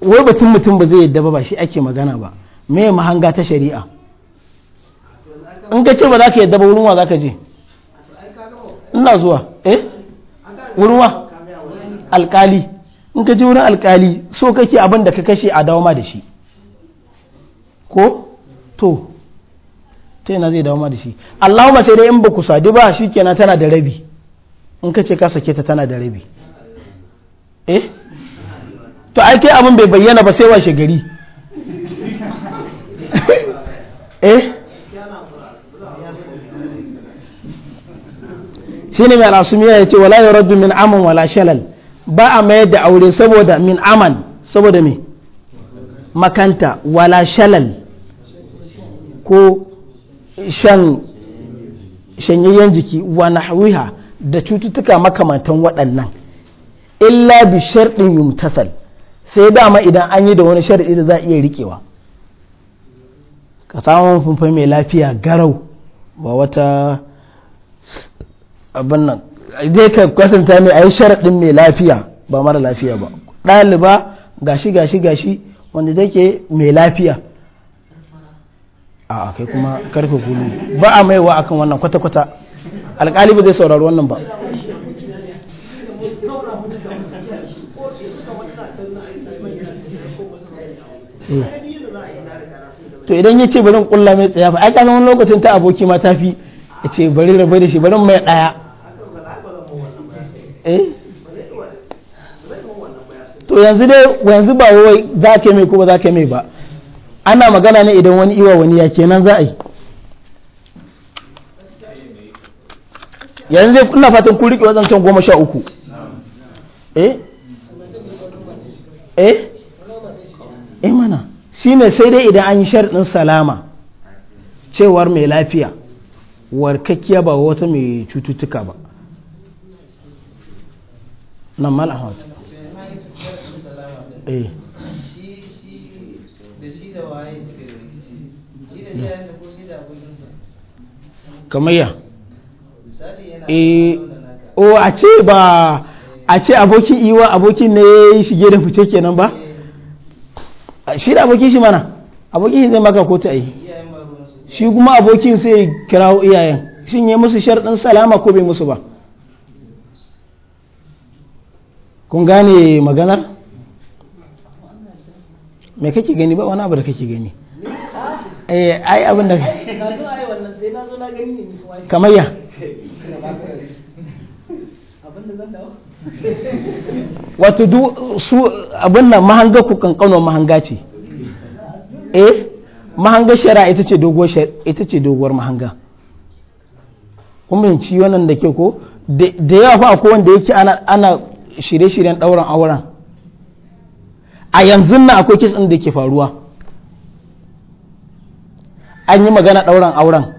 wai batun mutum ba zai yadda ba ba shi ake magana ba me mahanga ta shari'a in ka ce ba za ka yadda ba wurin wa za ka je ina zuwa eh wurin wa alkali in ka je wurin alkali so kake abin da ka kashe a dawoma ma da shi ko to ta yana zai dawo ma da shi allahumma sai dai in ba ku sadu ba shi kenan tana da rabi in ka ce ka sake ta tana da rabi eh to ai kai abin bai bayyana ba sai shi gari <laughs> eh ne mai rasumiya ya ce wala ya raddu min aman wala shalal ba a mayar da aure saboda min aman saboda me makanta wala shalal ko shan shanyayyen jiki wa nahwiha da cututtuka makamantan waɗannan illa bi sharɗin yumtasal sai dama idan an yi da wani sharɗi da za a iya riƙewa ka samu funfa mai lafiya garau ba wata abin nan dai ka kwatanta mai a yi sharaɗin mai lafiya ba mara lafiya ba ɗaliba gashi gashi gashi wanda take mai lafiya a kai kuma karfe gulu ba a maiwa akan wannan kwata-kwata alkali ba zai saurari wannan ba hmm. to idan ya ce barin kulla mai tsaya ba ai kasan wani lokacin ta aboki ma ta fi ya ce bari rabu da shi barin mai daya eh? to yanzu dai yanzu ba wai za ka mai ko ba za ka mai ba ana magana ne idan wani iwa wani ya kenan za a yi yanzu zai ina fatan kun riƙe can goma sha uku eh eh eh mana shine sai dai idan an yi sharɗin salama cewar mai lafiya warkakkiya ba wata mai cututtuka ba nan mal eh kamar ya eh, o a ce ba a ce abokin iwa abokin ne ya shige da fice kenan ba eh. shi da abokin shi mana abokin shi zai maka ko ta yi shi kuma abokin sai kirawo iyayen shin ya musu sharɗin salama ko bai musu ba kun gane maganar me kake gani ba wani abu da kake gani eh ai abin da kamar ya wato su abin nan mahanga ku kankano mahanga ce eh mahanga shari'a ita ce doguwar mahanga kuma ci wannan da ke ko da yawa fa akwai wanda yake ana ana shirye-shiryen ɗauran auren a yanzu nan akwai kitsin da ke faruwa an yi magana ɗauran auren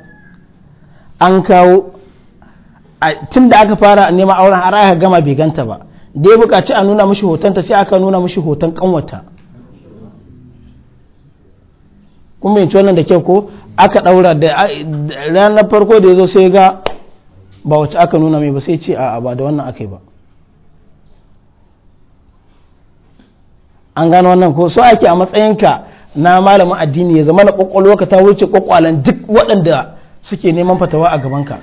an kawo tun da aka fara neman auren har aka gama bai ganta ba da ya buƙaci a nuna mishi hotonta sai aka nuna mishi hoton kanwata kuma bayanci wannan da kyau ko aka ɗaura da ranar farko da ya zo sai ga ba wacce aka nuna mai ba sai ce a ba da wannan aka yi ba an gano wannan ko so ake a matsayinka na malamin addini ya zama na kwakwalwa ka ta wuce kwakwalan duk waɗanda suke neman fatawa a gabanka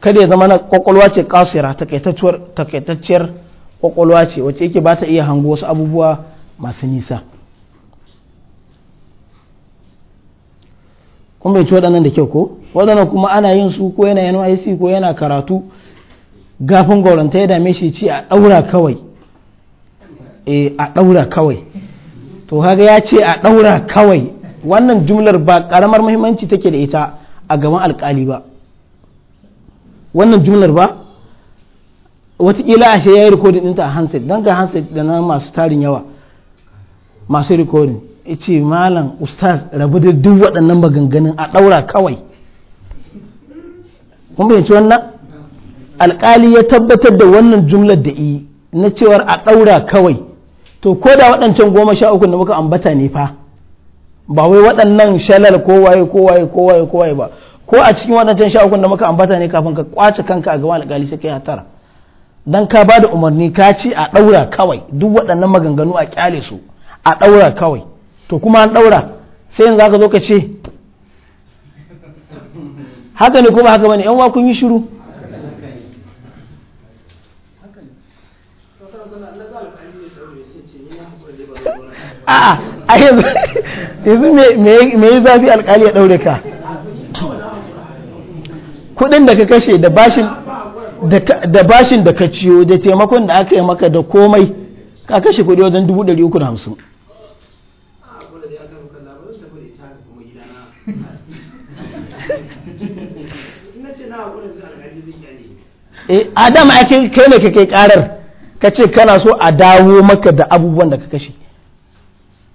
kada ya zama na kwakwalwa ce kasira takaitacciyar kwakwalwa ce wacce yake ba ta iya hango wasu abubuwa masu nisa kuma bai waɗannan da kyau ko waɗannan kuma ana yin su ko yana ic ko yana karatu gafin gauranta ya dame shi ci a a ɗaura kawai eh, to kaga ya ce a ɗaura kawai wannan jumlar ba ƙaramar muhimmanci take da ita a gaban alƙali ba wannan jumlar ba watakila a ya yi rikodin ɗinta a hansar don ga handset da na masu tarin yawa masu rikodin ya ce malam ustaz rabu da duk waɗannan maganganun a ɗaura kawai kun fahimci wannan alƙali ya tabbatar da wannan jumlar da yi na cewar a ɗaura kawai to ko da waɗancan goma sha uku da muka ambata ne fa ba wai waɗannan shalal ko waye ko waye ko waye ko waye ba ko a cikin waɗancan sha uku da muka ambata ne kafin ka kwace kanka a gaban alƙali sai kai hatara dan ka ba da umarni ka ci a ɗaura kawai duk waɗannan maganganu a kyale su a ɗaura kawai to kuma an ɗaura sai yanzu zaka zo ka ce haka ne ko ba haka bane yan wa kun yi shiru a'a a yanzu me yi zafi alkali ya ɗaure ka kudin da ka kashe da bashin da ka ciyo da taimakon da aka yi maka da komai ka kashe kudi wajen 350 eh, a dama ake kai ne ka kai karar ka ce kana so a dawo maka da abubuwan da ka kashe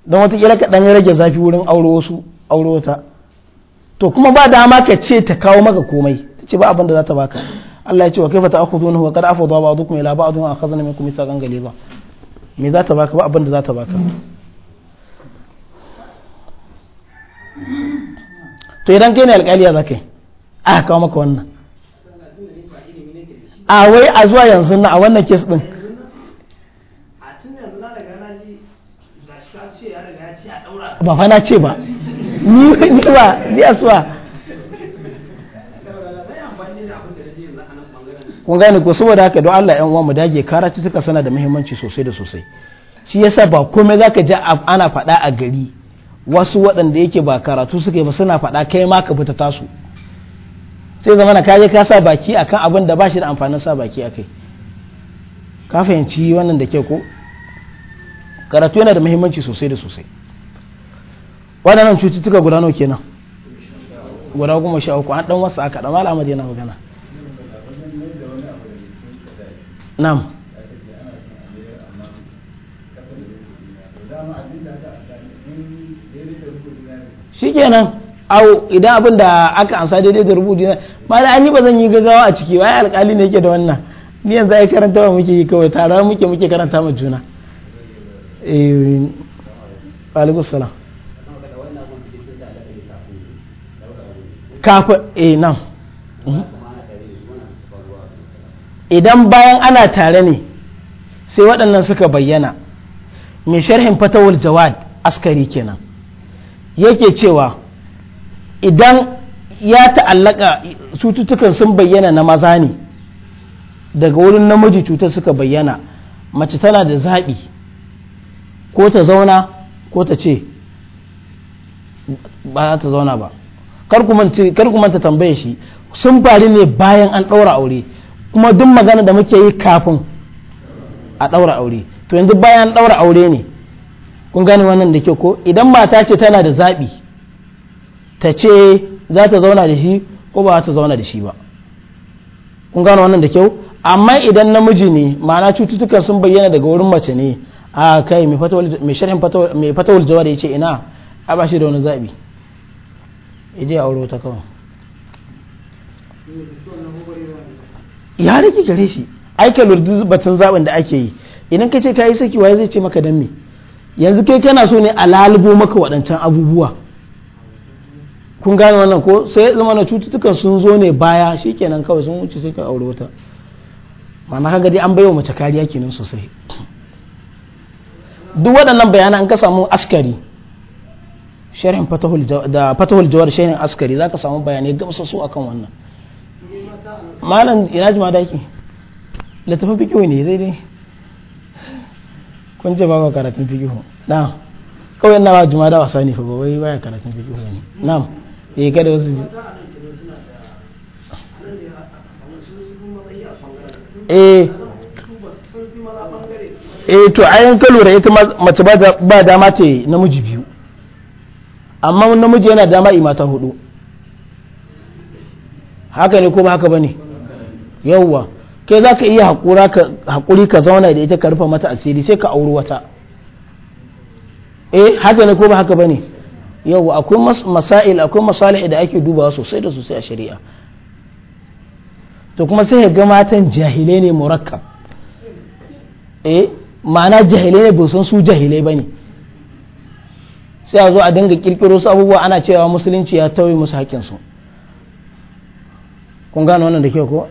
don watakila ka dan rage zafi wurin auro wasu auro wata to kuma ba dama ka ce ta kawo maka komai ta ce ba abin da za ta baka Allah ya ce wa kaifa ta'khudhunahu wa qad afadha ba'dukum ila ba'din wa akhadna minkum mithaqan ghaliza me za ta baka ba abin da za ta baka to idan kai ne alƙali za kai a kawo maka wannan a wai a zuwa yanzu na a wannan kes din ba fa na ce ba ni ba ni aswa kun gane ko saboda haka don Allah yan uwa mu dage karatu suka sana da muhimmanci sosai da sosai shi yasa ba komai zaka ji ana faɗa a gari wasu waɗanda yake ba karatu suka yi ba suna faɗa kai ma ka fita tasu sai zama na kaje ka sa baki akan abin da ba shi da amfanin sa baki akai ka fahimci wannan da ke ko karatu yana da muhimmanci sosai da sosai waɗannan cututtuka guda nawa kenan guda goma sha uku an dan wasu aka da malama yana magana nam shikenan au idan abin da aka amsa daidai da rubutu na ba da ni ba zan yi gaggawa a ciki wai alkali ne yake da wannan ni yanzu ai karanta wa muke kawai tare muke muke karanta ma juna eh alaikum salam kafa eh nan mhm. idan bayan ana tare ne sai waɗannan suka bayyana mai sharhin fatawar jawad askari kenan yake cewa idan ya ta'allaka cututtukan sun bayyana na maza ne daga wurin namiji cutar suka bayyana mace tana da zaɓi ko ta zauna ko ta ce ba za ta zauna ba kar ku manta tambaye shi sun faru ne bayan an ɗaura aure kuma duk magana da muke yi kafin a ɗaura aure to yanzu bayan an ɗaura aure ne kun gane wannan da ke ko idan mata ce tana da zaɓi ta ce za ta zauna da shi ko ba ta zauna da shi ba kun gane wannan da kyau amma idan namiji ne ma'ana cututtukan sun bayyana daga wurin mace ne a kai mai fatawul jawar ya ce ina a ba shi da wani zaɓi ije auro ta kawai ya rage gare shi aika lurdi batun zaben da ake yi idan ka ce ka yi saki waye zai ce maka dan me yanzu kai kana so ne a lalubo maka waɗancan abubuwa kun gane wannan ko sai zama na cututtukan sun zo ne baya shikenan kawai sun wuce sai ka aure wata ma'ana kaga dai an baiwa mace kariya kenan sosai duk waɗannan bayanan an ka samu askari sharhin fatahul da jawar shirin askari za ka samu bayanai gamsasu akan wannan malam ina ji madaki littafin fikihu ne zai dai kun je ba karatun fikihu na kawai na ba juma da wasa ne fa ba wai baya karatun fikihu ne ya yi kada wasu eh eh to ayan kalura ita mace ba dama ce namiji biyu amma namiji yana dama imata hudu haka ne ko ba haka bane yawwa kai za ka iya haƙuri ka zauna da ita ka rufe mata asiri sai ka auri wata eh haka ne ko ba haka bane yawwa akwai masail akwai masalih da ake su sosai da sosai a shari'a to kuma sai ga matan jahilai ne murakkab eh ma'ana jahilai ne ba san su jahilai bane sai a zo a dinga kirkiro su abubuwa ana cewa musulunci ya tauye musu haƙƙinsu kun gano wannan da kyau ko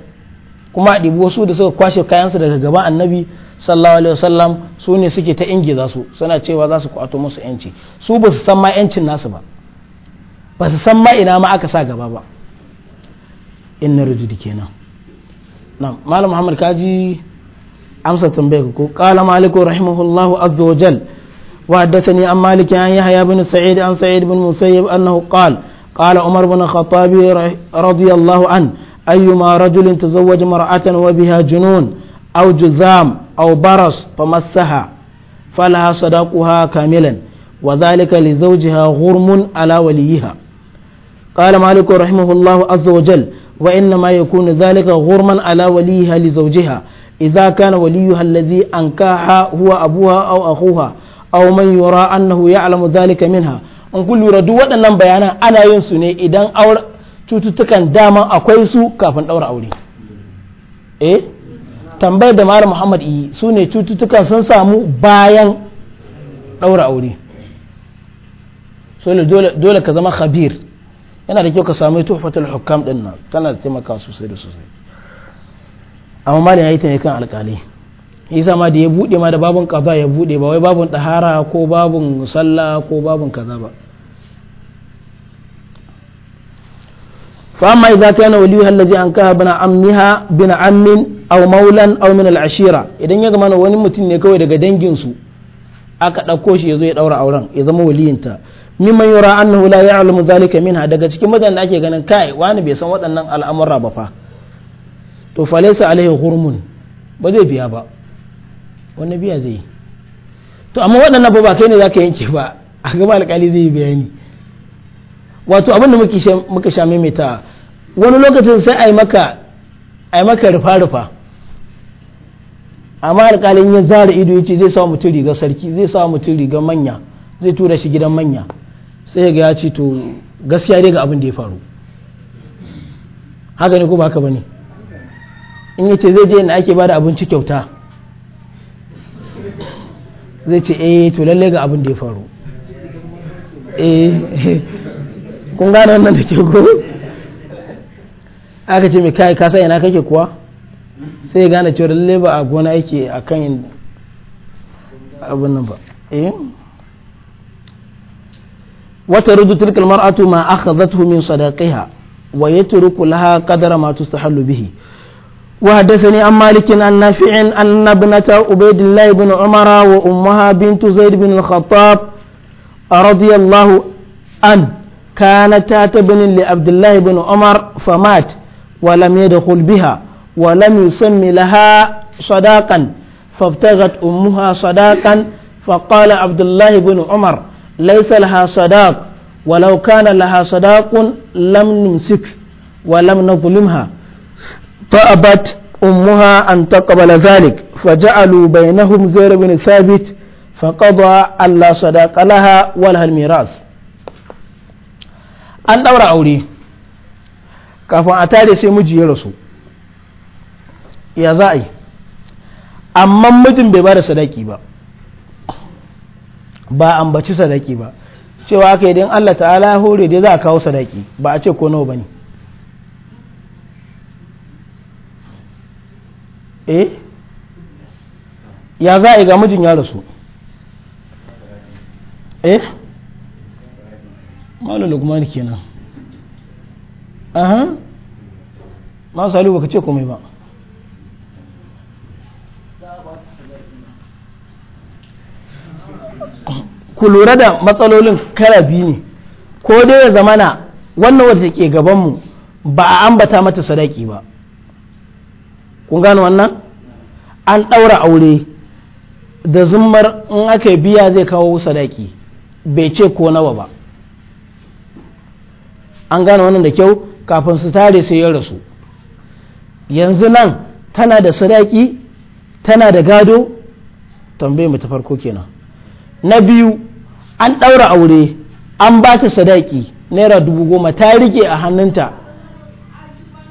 kuma a ɗibu wasu da suka kwashe kayansu daga gaban annabi sallallahu alaihi wasallam su ne suke ta ingiza su suna cewa za su kwato musu yanci su ba su san ma yancin nasu ba ba su san ma ina ma aka sa gaba ba in na rududu kenan na malam muhammad kaji amsa tambayar ko kala maliku rahimahullahu azza wa jalla وحدثني عن مالك عن يحيى بن سعيد عن سعيد بن مسيب أنه قال قال عمر بن الخطاب رضي الله عنه أيما رجل تزوج مرأة وبها جنون أو جذام أو برص فمسها فلها صداقها كاملا وذلك لزوجها غرم على وليها قال مالك رحمه الله عز وجل وإنما يكون ذلك غرما على وليها لزوجها إذا كان وليها الذي أنكاها هو أبوها أو أخوها aw man yura annahu ya'lamu dhalika minha in kun lura duk waɗannan bayanan ana yin su ne idan aure cututtukan dama akwai su kafin ɗaura aure eh tambayar da malam muhammad yi su ne cututtukan sun samu bayan ɗaura aure so dole ka zama khabir yana da kyau ka samu tuhfatul hukam ɗin nan tana da taimaka sosai da sosai amma malam yayi ta ne kan alƙalai isa ma da ya bude ma da babun kaza ya bude ba wai babun ɗahara ko babun salla ko babu kaza ba فأما إذا كان وليها الذي أنكها بن عمها بن عم أو مولا ashira idan ya zama يجمعنا wani mutum ne kawai daga danginsu aka ɗauko shi ya zo ya ɗaura auren ya zama waliyinta mimman yura annahu la ya'lamu dhalika minha daga cikin mutanen da ake ganin kai wani bai san waɗannan al'amura ba fa to fa laysa alaihi ba zai biya ba wannan biya zai yi to amma waɗannan ba kai ne za ka yanke ba a gaba alƙali zai yi bayani wato abin da muka sha maimaita wani lokacin sai a yi maka a yi maka rufa-rufa amma alƙalin ya zara ido ya ce zai sa mutum riga sarki zai sa mutum riga manya zai tura shi gidan manya sai ga ya ce to gaskiya dai ga abin da ya faru haka ne ko ba haka ba ne in yace zai je ina ake bada abinci kyauta zai ce eh to lalle ga abin da ya faru eh <laughs> kun gane wannan da ke ko aka ce mai kai ka san ina kake kuwa sai ya gane cewa lalle ba a gona yake akan kan abin nan ba eh wata rudu tilkal mar'atu ma akhadhathu min sadaqiha wa yatruku laha qadara ma tustahallu bihi وحدثني عن مالك عن نافع أن ابنة عبيد الله بن عمر وأمها بنت زيد بن الخطاب رضي الله عنه كانتا تبن لعبد الله بن عمر فمات ولم يدخل بها ولم يسم لها صداقا فابتغت أمها صداقا فقال عبد الله بن عمر ليس لها صداق ولو كان لها صداق لم نمسك ولم نظلمها فأبت أمها أن تقبل ذلك فجعلوا بينهم زير بن ثابت فقضى ألا صداق لها ولها الميراث an ɗaura aure kafin a tare sai miji ya rasu ya za yi amma mijin bai ba da sadaki ba ba ambaci sadaki ba cewa aka idan Allah ta'ala ya hore dai za a kawo sadaki ba a ce ko nawa ba ne eh ya za a yi ga mijin ya rasu eh malu lukman kenan aha ma salu baka ce komai ba ku lura da matsalolin kara biyu ne ko dai ya zamana wannan wata ke gabanmu ba a ambata mata sadaki ba kun gano wannan an ɗaura aure da zummar in aka biya zai kawo sadaki bai ce ko nawa ba an gano wannan da kyau kafin su tare sai ya rasu yanzu nan tana da sadaki tana da gado tambaye mu ta farko kenan na biyu an ɗaura aure an ba ta sadaki naira dubu goma ta rike a hannunta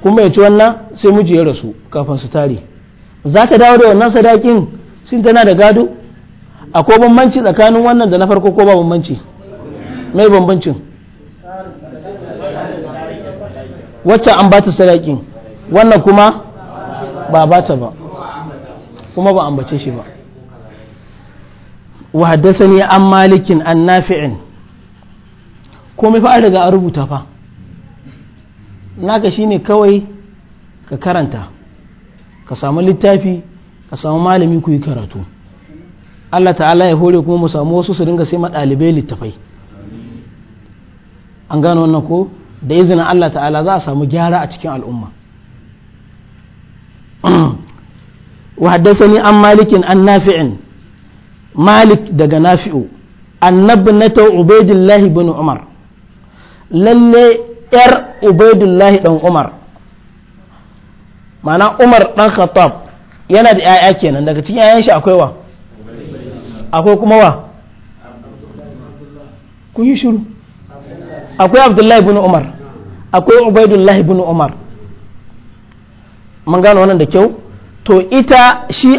kuma ya ci wannan sai muji ya rasu kafin su tare za ta dawo da wannan sadakin sun tana da gado akwai bambanci tsakanin wannan da na farko ko ba bambanci mai bambancin wacce an ba ta sadakin wannan kuma ba ba ta ba kuma ba ambace shi ba wa haddasa ne an malikin an nafi'in komai fa'ar daga a rubuta fa naka shine kawai ka karanta ka samu littafi ka samu malami ku yi karatu Allah ta'ala ya hore kuma mu samu wasu su dinga sai ɗalibai littafai an gano wannan ko da izinin Allah ta'ala za a samu gyara a cikin al'umma <clears throat> wa haddasani an malikin an nafi'in malik daga nafi'u annabnata ubaidillahi bin umar lalle 'yar ubaidullahi ɗan umar mana umar ɗan khattab yana da 'ya'ya kenan daga cikin 'ya'yan shi akwai wa akwai kuma wa kun yi shuru akwai abdullahi bin umar akwai ubaidullahi bin umar mun gano wannan da kyau to ita shi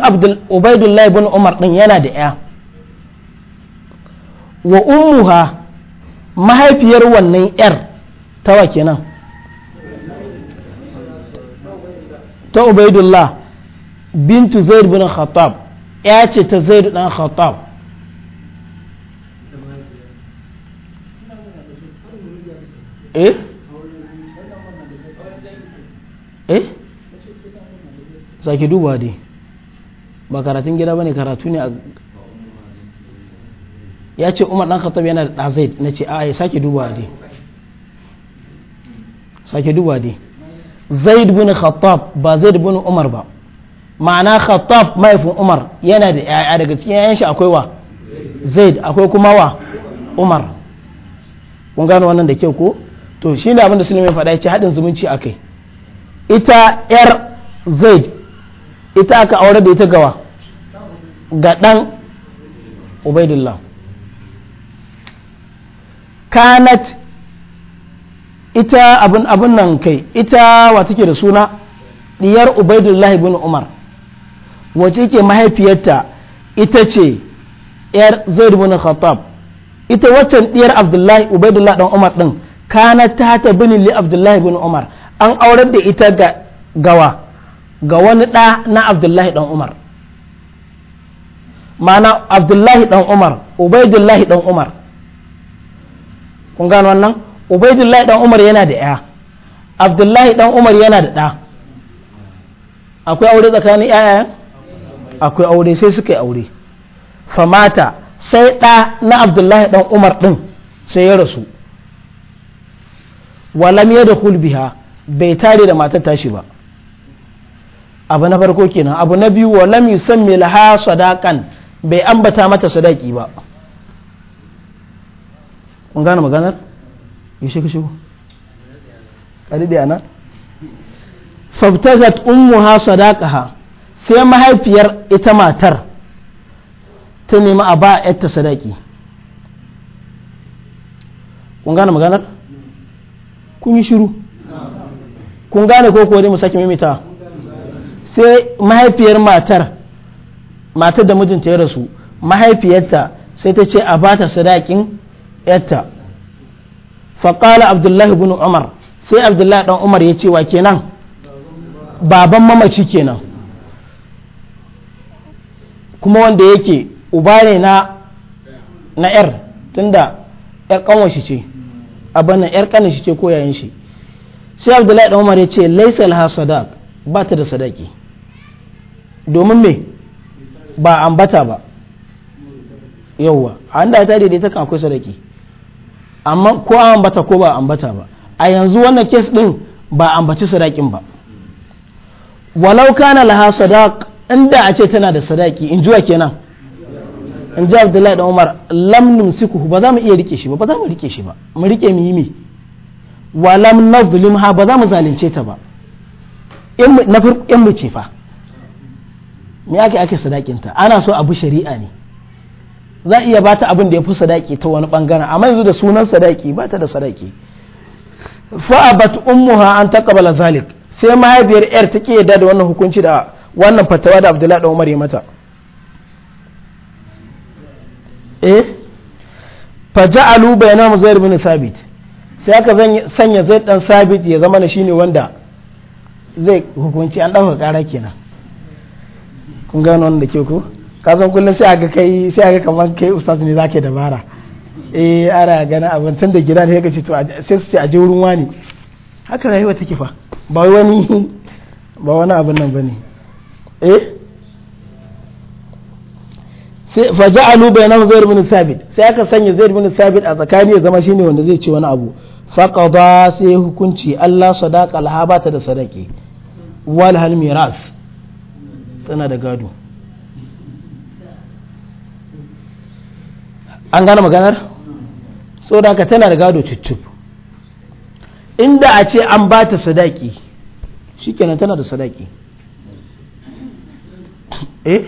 ubaidullahi bin umar ɗin yana da 'ya wa ummuha mahaifiyar wannan 'yar tawa kenan ta ubaidullah bintu zaid bin khattab ya ce ta zaid dan khattab eh eh sake duba dai ba karatun gida bane karatu ne a ya ce umar dan khattab yana da zaid na ce a ya sake duba dai sake duba dai zaid bin khattab ba zaid bin umar ba ma'ana khattab mahaifin umar yana da yaya daga cikin yayan shi akwai wa zaid akwai kuma wa umar kun gano wannan da kyau ko to shi ne abin da sulaiman faɗa ya ce haɗin zumunci a kai ita yar zaid ita aka aure da ita gawa ga ɗan ubaidullah kanat ita abin abin nan kai ita wa take da suna diyar ubaidullah ibn umar wace ke mahaifiyarta ita ce yar zaid ibn khattab ita waccan diyar abdullahi ubaidullah dan umar din kana ta ta bini li abdullahi ibn umar an aurar da ita ga gawa ga wani da na abdullahi dan umar mana abdullahi dan umar ubaidullahi dan umar kun gano wannan ubaidullahi dan umar yana da ya abdullahi dan umar yana da ɗa akwai aure tsakanin yaya akwai aure sai suka yi aure famata sai ɗa na abdullahi dan umar ɗin sai ya rasu walam ya da biha bai tare da matar tashi ba abu na farko kenan abu na biyu walam yusammi laha sadakan bai ambata mata sadaki ba kun gane maganar yaushe ka shigo ƙarfi ana fabtazat ummuha sadaqaha sai mahaifiyar ita matar ta nemi a ba yadda sadaki kun gane maganar kun yi shiru kun gane ko kuwa mu sake mimita sai mahaifiyar matar matar da mijinta ya rasu mahaifiyarta sai ta ce a ba ta sadakin yadda. faƙala abdullahi bin umar sai abdullahi dan umar ya ce wa kenan baban mamaci kenan kuma wanda yake uba ne na na yar tunda yar kanwa ce abin nan yar kanin shi ce ko yayin shi sai abdullahi dan umar ya ce laisa laha sadaq ba ta da sadaki domin me ba a ambata ba yauwa an da ta daidaita kan akwai sadaki amma ko an ambata ko ba ambata ba a yanzu wannan kes din ba ambaci sadakin ba walau kana laha sadaq inda a ce tana da sadaki in jiwa kenan in ji abdullahi da umar lam numsiku ba za mu iya rike shi ba ba za mu rike shi ba mu rike mu yi mi wa lam ha ba za mu zalunce ta ba in mu ce fa me ake ake sadakinta ana so abu shari'a ne za iya ba ta abin da ya fi sadaki ta wani bangaren amma yanzu da sunan sadaki ba ta da sadaki fa'abat ummuha an taqabala zalik sai mahaifiyar yar take yadda da wannan hukunci da wannan fatawa da Abdullahi da Umar ya mata eh faja'alu bainahum Zaid bin Thabit sai aka sanya zai dan sabit ya zama shine wanda zai hukunci an dauka kara kenan kun gano wannan da ke ko ka san kullum sai aga kai sai aga kamar kai ustaz ne zake dabara eh ara gana abin tun da gida ne ka ce to sai su ce a je wurin wani haka rayuwa take fa ba wani ba wani abin nan bane eh sai faja'alu bainahum zayr bin sabit sai aka sanya zayr bin sabit a tsakani ya zama shine wanda zai ce wani abu fa qada sai hukunci Allah sadaqa alhabata da sadaqi wal hal miras tana da gado an gane maganar saboda haka tana da gado cicci inda a ce an ba ta sadaki shikenan tana da sadaki <coughs> eh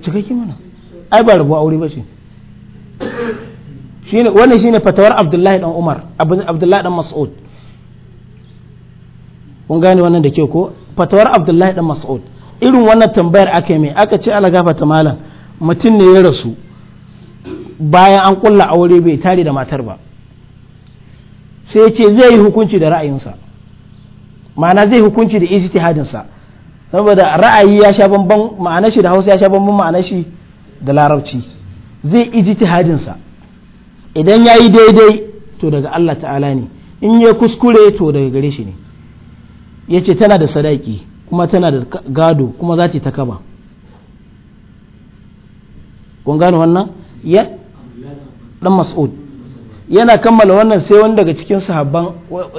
cikakki mana ai ba rabuwa aure ba ce shi shine fatawar abdullahi dan umar abdullahi dan mas'ud kun gane wannan da ke ko fatawar abdullahi dan mas'ud irin wannan tambayar aka mai aka ce ala gafata malam mutum ne ya rasu bayan an kulla aure bai tare da matar ba sai ce zai yi hukunci da ra'ayinsa ma'ana zai hukunci da ijtihadinsa saboda ra'ayi ya sha bamban ma'ana shi da Hausa ya sha bamban ma'ana shi da Larabci zai ijtihadinsa idan ya yi daidai to daga Allah ta'ala ne in ya kuskure to daga gare shi ne ya ce tana da sadaki kuma tana da gado kuma za ta kaba kun gane wannan ya dan mas'ud yana kammala wannan sai wani daga cikin sahabban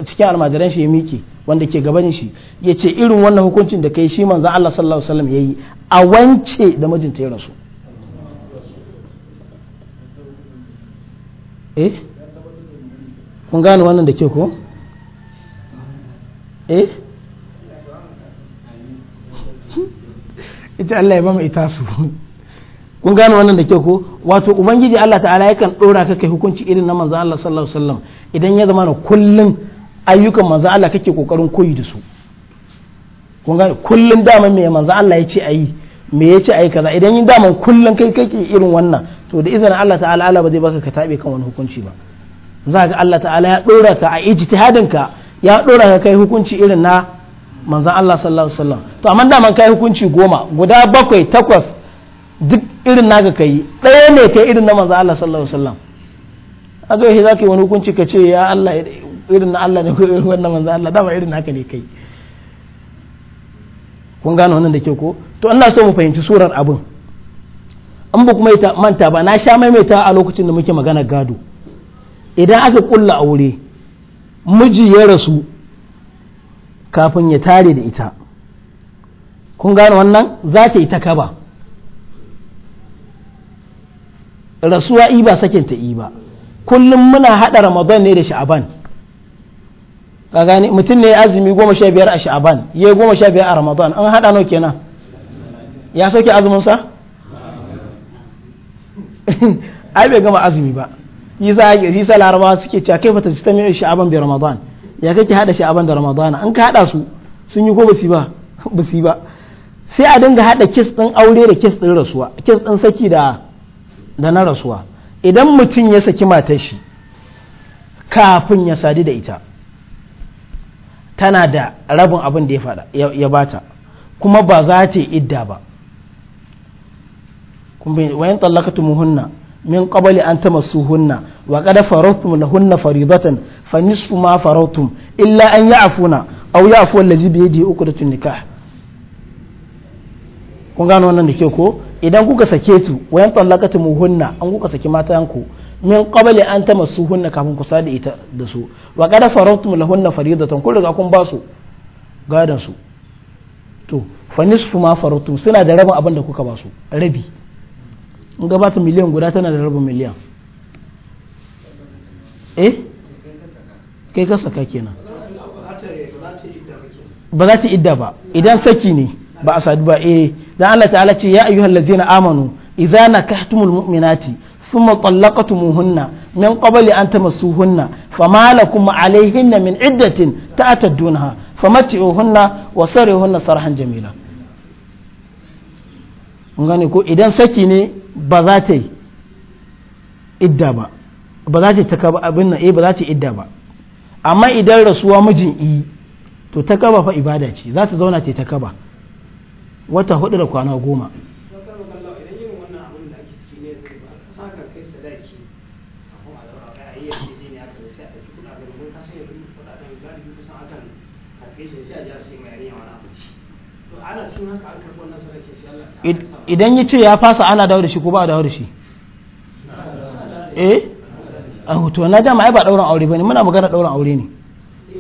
cikin almajiran shi ya miki wanda ke gaban shi ya ce irin wannan hukuncin da kai shi manzan Allah sallallahu alaihi wasallam yayi a wance da mijinta ya rasu eh kun gane wannan da ke ko eh ita Allah ya ba mu ita su kun gane wannan da ke ko wato ubangiji Allah ta'ala yakan dora ka kai hukunci irin na manzo Allah sallallahu alaihi wasallam idan ya zama na kullun ayyukan manzo Allah kake kokarin koyi da su kun gane kullun dama me manzo Allah ya ce ayi me ya ce ayi kaza idan yin dama kullun kai kake irin wannan to da izinin Allah ta'ala Allah ba zai baka ka tabe kan wani hukunci ba za ga Allah ta'ala ya dora ka a ijtihadin ka ya dora ka kai hukunci irin na manzo Allah sallallahu alaihi wasallam to amma dama kai hukunci goma guda bakwai takwas duk irin naka kai ɗaya ne kai irin na manzo Allah sallallahu alaihi wasallam aga za zaka yi wani hukunci ka ce ya Allah irin na Allah ne ko irin wannan manzo Allah dama irin naka ne kai kun gano wannan da ke ko to ina so mu fahimci surar abin an ba kuma manta ba na sha maimaita a lokacin da muke magana gado idan aka kulla aure miji ya rasu kafin ya tare da ita kun gano wannan za ta yi ta kaba rasuwa i ba sakin ta i ba kullum muna hada ramadan ne da sha'aban ka gani mutum ne ya azumi goma sha biyar a sha'aban ya goma sha biyar a ramadan an hada nau kenan ya sauke azumin sa <laughs> ai bai gama azumi ba yisa yisa larabawa suke cewa kai fata sistami sha'aban bi ramadan ya kake hada sha'aban da ramadan an ka hada su sun yi ko ba su ba <laughs> ba sai a dinga hada kis din aure da kis din rasuwa kis din saki da da na rasuwa idan mutum ya saki matar shi kafin ya sadu da ita tana da rabin abin da ya fada ya bata kuma ba za ta yi idda ba wayan muhunna min qabli an hunna wa qad na lahunna faridatan fa nisfu ma illa an ya'funa aw ya'fu allazi bi yadihi da nikah kun gano wannan da ke ko idan kuka sake tu wayan yan mu muhunna an kuka saki matanku min qabli an hunna kafin ku sadi ita da su wa qad farautum lahunna faridatan kun riga kun ba su gadan su to fa nisfu ma farautum suna da rabin abin da kuka ba su rabi in gabata miliyan guda tana da rabin miliyan eh kai ka saka kenan ba za ta idda ba idan saki ne ba a sadu ba eh dan Allah ta'ala ce ya ayyuhal ladzina amanu idza nakahtumul mu'minati thumma talaqtumuhunna min qabli an tamassuhunna fama lakum alayhinna min iddatin ta'taddunha famati'uhunna wa sarihunna sarhan jamila mun gane ko idan saki ne ba za ta yi idda ba ba za ta taka abin nan eh ba za ta idda ba amma idan rasuwa mijin yi to ta kaba fa ibada ce za ta zauna ta ta kaba wata hudu da kwana goma idan yi ce ya fasa ana dawo da shi ko ba a dawo da shi eh a hoto na dama ai ba dauran aure bane muna magana dauran aure ne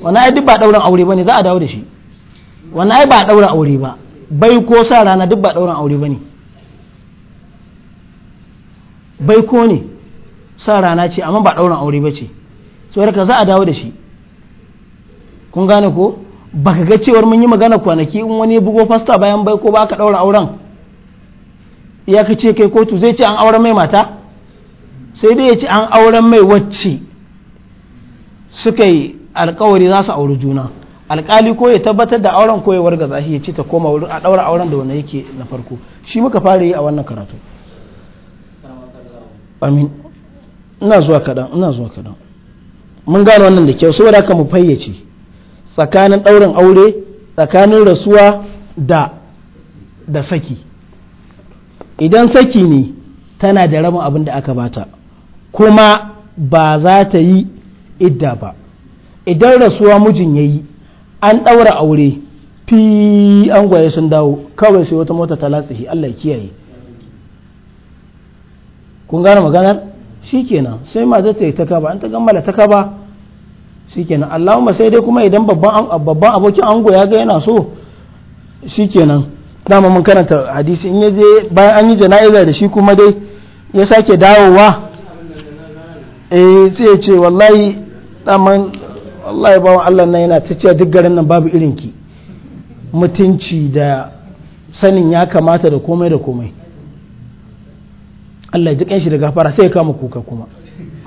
wannan ai duk ba dauran aure bane za a dawo da shi wannan ai ba dauran aure ba bai ko sa rana duk ba ɗaurin aure ba ne bai ko ne sa rana ce amma ba ɗaurin aure ba ce saboda ka za a dawo da shi kun gane ko ba ka ga cewar mun yi magana kwanaki in wani bugo fasta bayan bai ko ba ka ɗaura auren ya ka ce kai kotu zai ce an auren mai mata sai dai ya ce an auren mai wacce suka yi alkawari za su auri juna alƙali ko ya tabbatar da auren ko ya warga zahi ya ce ta koma wurin a daura auren da wanda yake na farko shi muka fara yi a wannan karatu amin ina zuwa kaɗan ina zuwa kaɗan mun gano wannan da kyau saboda haka mu fayyace tsakanin daurin aure tsakanin rasuwa da da saki idan saki ne tana da rabin abin da aka bata kuma ba za ta yi idda ba idan rasuwa mijin ya yi an ɗaura aure fi an gwaye sun dawo kawai sai wata mota ta latsihi Allah kiyaye kun gane maganar shikenan sai ma zata ta yi an ta gammala takaba shikenan Allahumma sai dai kuma idan babban abokin ango ya ga yana so shikenan dama mun karanta hadisi in yaje bayan an yi jana'iza da shi kuma dai ya sake dawowa eh sai ce wallahi daman ya bawa Allah nan yana ta cewa duk garin nan babu irin ki mutunci da sanin ya kamata da komai da komai Allah ji shi da gafara sai ya kama kuka kuma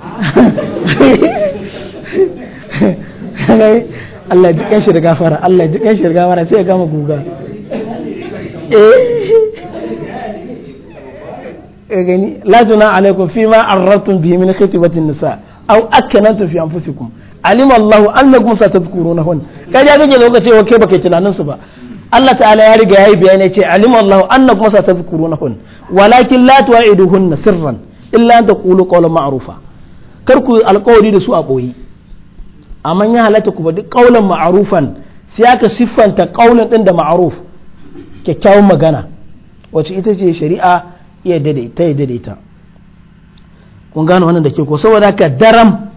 <laughs> Allah ji shi da gafara Allah ji shi da gafara sai ya kama kuka eh <laughs> gani la juna alaikum fima arratum bihi min khitbatin nisa aw akanantum fi anfusikum alim Allahu annakum satadhkuruna hun kai ya kake lokaci wa kai baka tunanin su ba Allah ta'ala ya riga yi bayani ce alim Allahu annakum satadhkuruna hun walakin la hunna sirran illa an taqulu qawlan ma'rufa kar ku alƙawari da su a boyi amma ya halatta ku duk qawlan ma'rufan sai aka siffanta qawlan din da ma'ruf kyakkyawan magana wacce ita ce shari'a iya daidaita ya daidaita kun gane wannan da ke ko saboda ka daram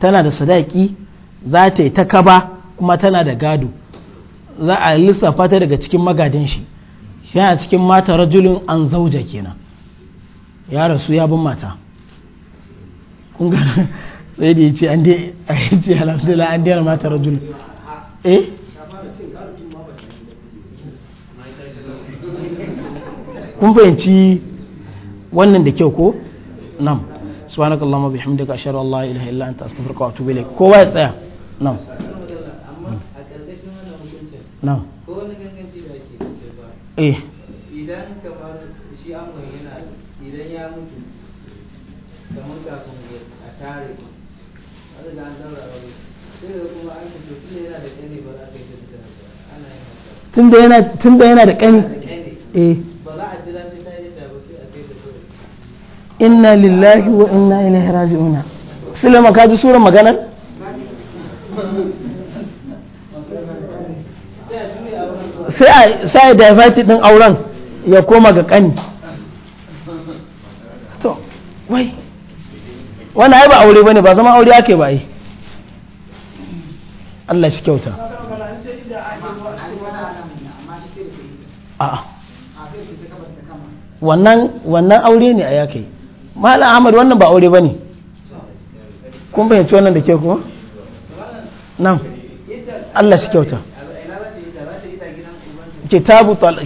tana da sadaki za ta yi ta kaba kuma tana da gado za a lissafa ta daga cikin magadin shi shi a cikin mata rajulun an zauja kenan ya rasu ya bin mata kun <laughs> sai da ya ce an dai <laughs> a yi ce alhamdulillah an dai mata rajulun eh kun fahimci wannan da kyau ko nan سبحانك اللهم وبحمدك اشهد ان لا اله الا انت استغفرك واتوب اليك كويس نعم نعم نعم ايه tun da yana da kani eh ba za a ji inna lillahi wa inna ilaihi raji'una sulaiman ka ji suran maganar sai a sai daifati din auren ya koma ga kani to wai wannan ai ba aure bane ba zama aure ake ba yi Allah shi kyauta a'a wannan aure ne a yake malam ahmad wannan ba aure ba ne kun fahimci wannan da ke kuma? nan allah shi kyauta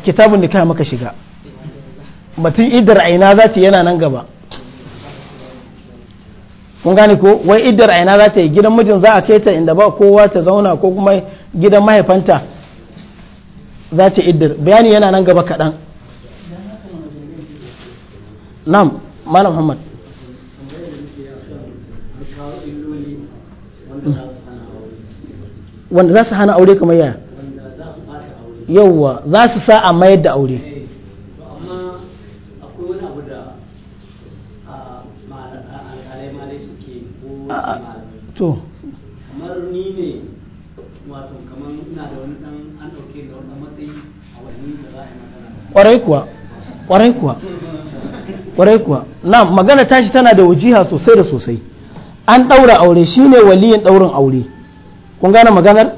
kitabun da kai maka shiga batun idar aina za ta yana nan gaba kun gane ko wai idar aina za ta yi gidan mijin za a kai ta inda ba kowa ta zauna ko kuma gidan mahaifanta za ta idar bayani yana nan gaba kaɗan nam malam muhammad wanda za su hana aure kamar yaya yauwa za su sa a mayar da aure to kamar ni ne wato kamar ina da wani dan an dauke da wani matsayi a wani da za a yi magana kwarai kuwa kwarai kuwa kwarai kuwa na magana tashi tana da wajiha sosai da sosai an ɗaura aure shine waliyin ɗaurin aure kun gane maganar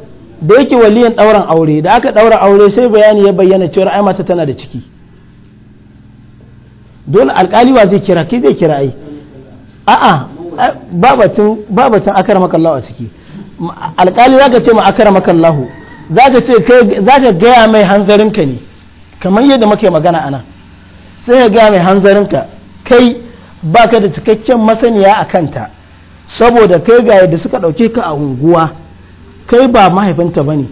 da yake waliyin ɗaurin aure da aka ɗaura aure sai bayani ya bayyana cewa ai mata tana da ciki dole alkali wa zai kira ki zai kira ai a'a babatin babatin akara makallahu a ciki alkali zaka ce ma akara makallahu zaka ce kai zaka gaya mai hanzarinka ne kamar yadda muke magana anan sai ya gane hanzarinka kai ba ka da cikakken masaniya a kanta saboda kai ga yadda suka ɗauke ka a unguwa kai ba mahaifinta ba ne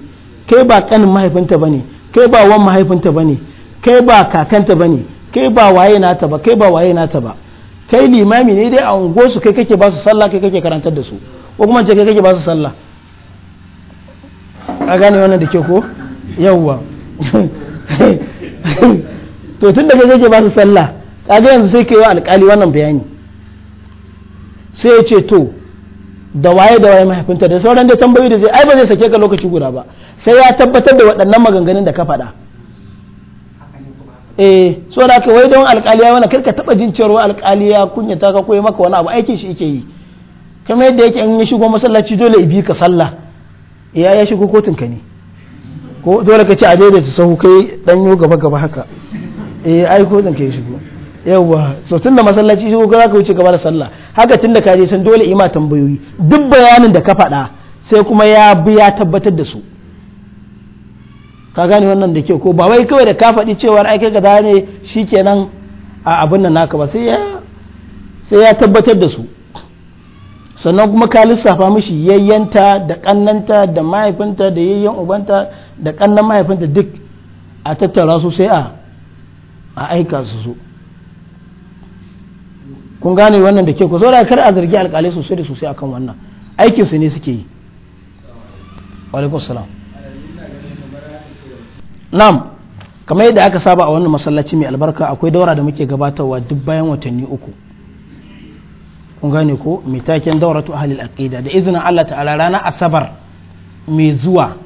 kai ba ƙanin mahaifinta ba ne kai ba wan mahaifinta ba ne kai ba kakanta ba ne kai ba waye nata ba kai ba waye nata ba kai limami ne dai a unguwarsu kai kake ba su sallah kai kake karantar da su ko kuma ce kai kake ba su sallah a gane wannan da ke ko yawwa <laughs> to tun da je ba su sallah kaga yanzu sai kai wa alƙali wannan bayani sai ya ce to da waye da waye mahaifinta da sauran da tambayoyi da zai ai ba zai sake ka lokaci guda ba sai ya tabbatar da waɗannan maganganun da ka faɗa eh so da ka wai don alƙaliya wani karka taɓa jin cewa alƙaliya kunya ta ka koyi maka wani abu aikin shi yake yi kamar yadda yake in ya shigo masallaci dole ibi ka sallah ya ya shigo kotun ka ne ko dole ka ce a daidaita sahu kai dan yo gaba gaba haka eh ai ko zan kai shigo yawa so tunda masallaci za ka wuce gaba da sallah haka tunda ka je san dole ima tambayoyi duk bayanin da ka faɗa sai kuma ya bi ya tabbatar da su ka gane wannan da kyau ko ba wai kawai da ka faɗi cewar ai kai kaza ne shikenan a abin nan naka ba sai ya sai ya tabbatar da su sannan kuma ka lissafa mishi yayyanta da kannanta da mahaifinta da yayyan ubanta da kannan mahaifinta duk a tattara su sai a a aika su zo kun gane wannan da ke ku saboda kar a zargi alƙalai sosai da sosai akan wannan aikin su ne suke yi alaikum salam na'am kamar yadda aka saba a wannan masallaci mai albarka akwai daura da muke gabatarwa duk bayan watanni uku kun gane ko mai taken dauratu ahlil aqida da izinin Allah ta'ala rana asabar mai zuwa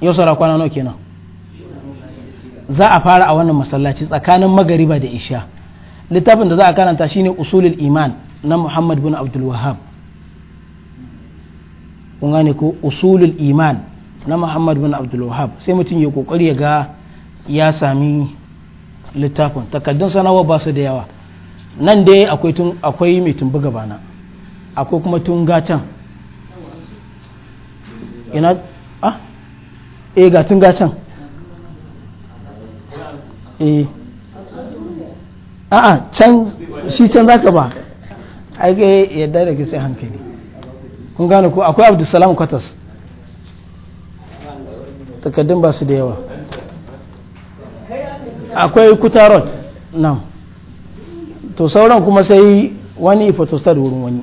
yau sara kwana nawa kenan za a fara a wannan masallaci tsakanin magariba da isha littafin da za a karanta shine usulul iman na muhammad bin abdul wahab kun gane ko usulul iman na muhammad bin abdul wahab sai mutum ya kokari ya ga ya sami littafin takaddun sanawa ba su da yawa nan dai akwai tun akwai mai tumbi gabana akwai kuma tun gatan ina ah eh ga tun gatan eh a'a can shi can zaka ba ai ga yadda da ke sai hankali kun gane ko akwai abdulsalam kwatas takaddun ba su da yawa akwai kutarot nan to sauran kuma sai wani ifotostar wurin wani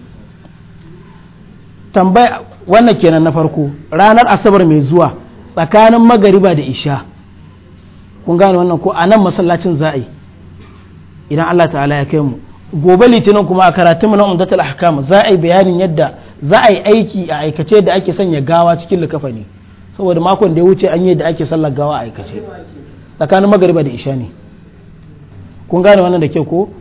tambaya wannan kenan na farko ranar asabar mai zuwa tsakanin magariba da isha kun gane wannan ko a nan masallacin za a yi idan Allah ta'ala ya kai mu gobe litinin kuma a karatun mu na umdatul ahkam za a yi bayanin yadda za a yi aiki a aikace da ake sanya gawa cikin ne saboda makon da ya wuce an yi da ake sallar gawa a aikace tsakanin magariba da isha ne kun gane wannan da ke ko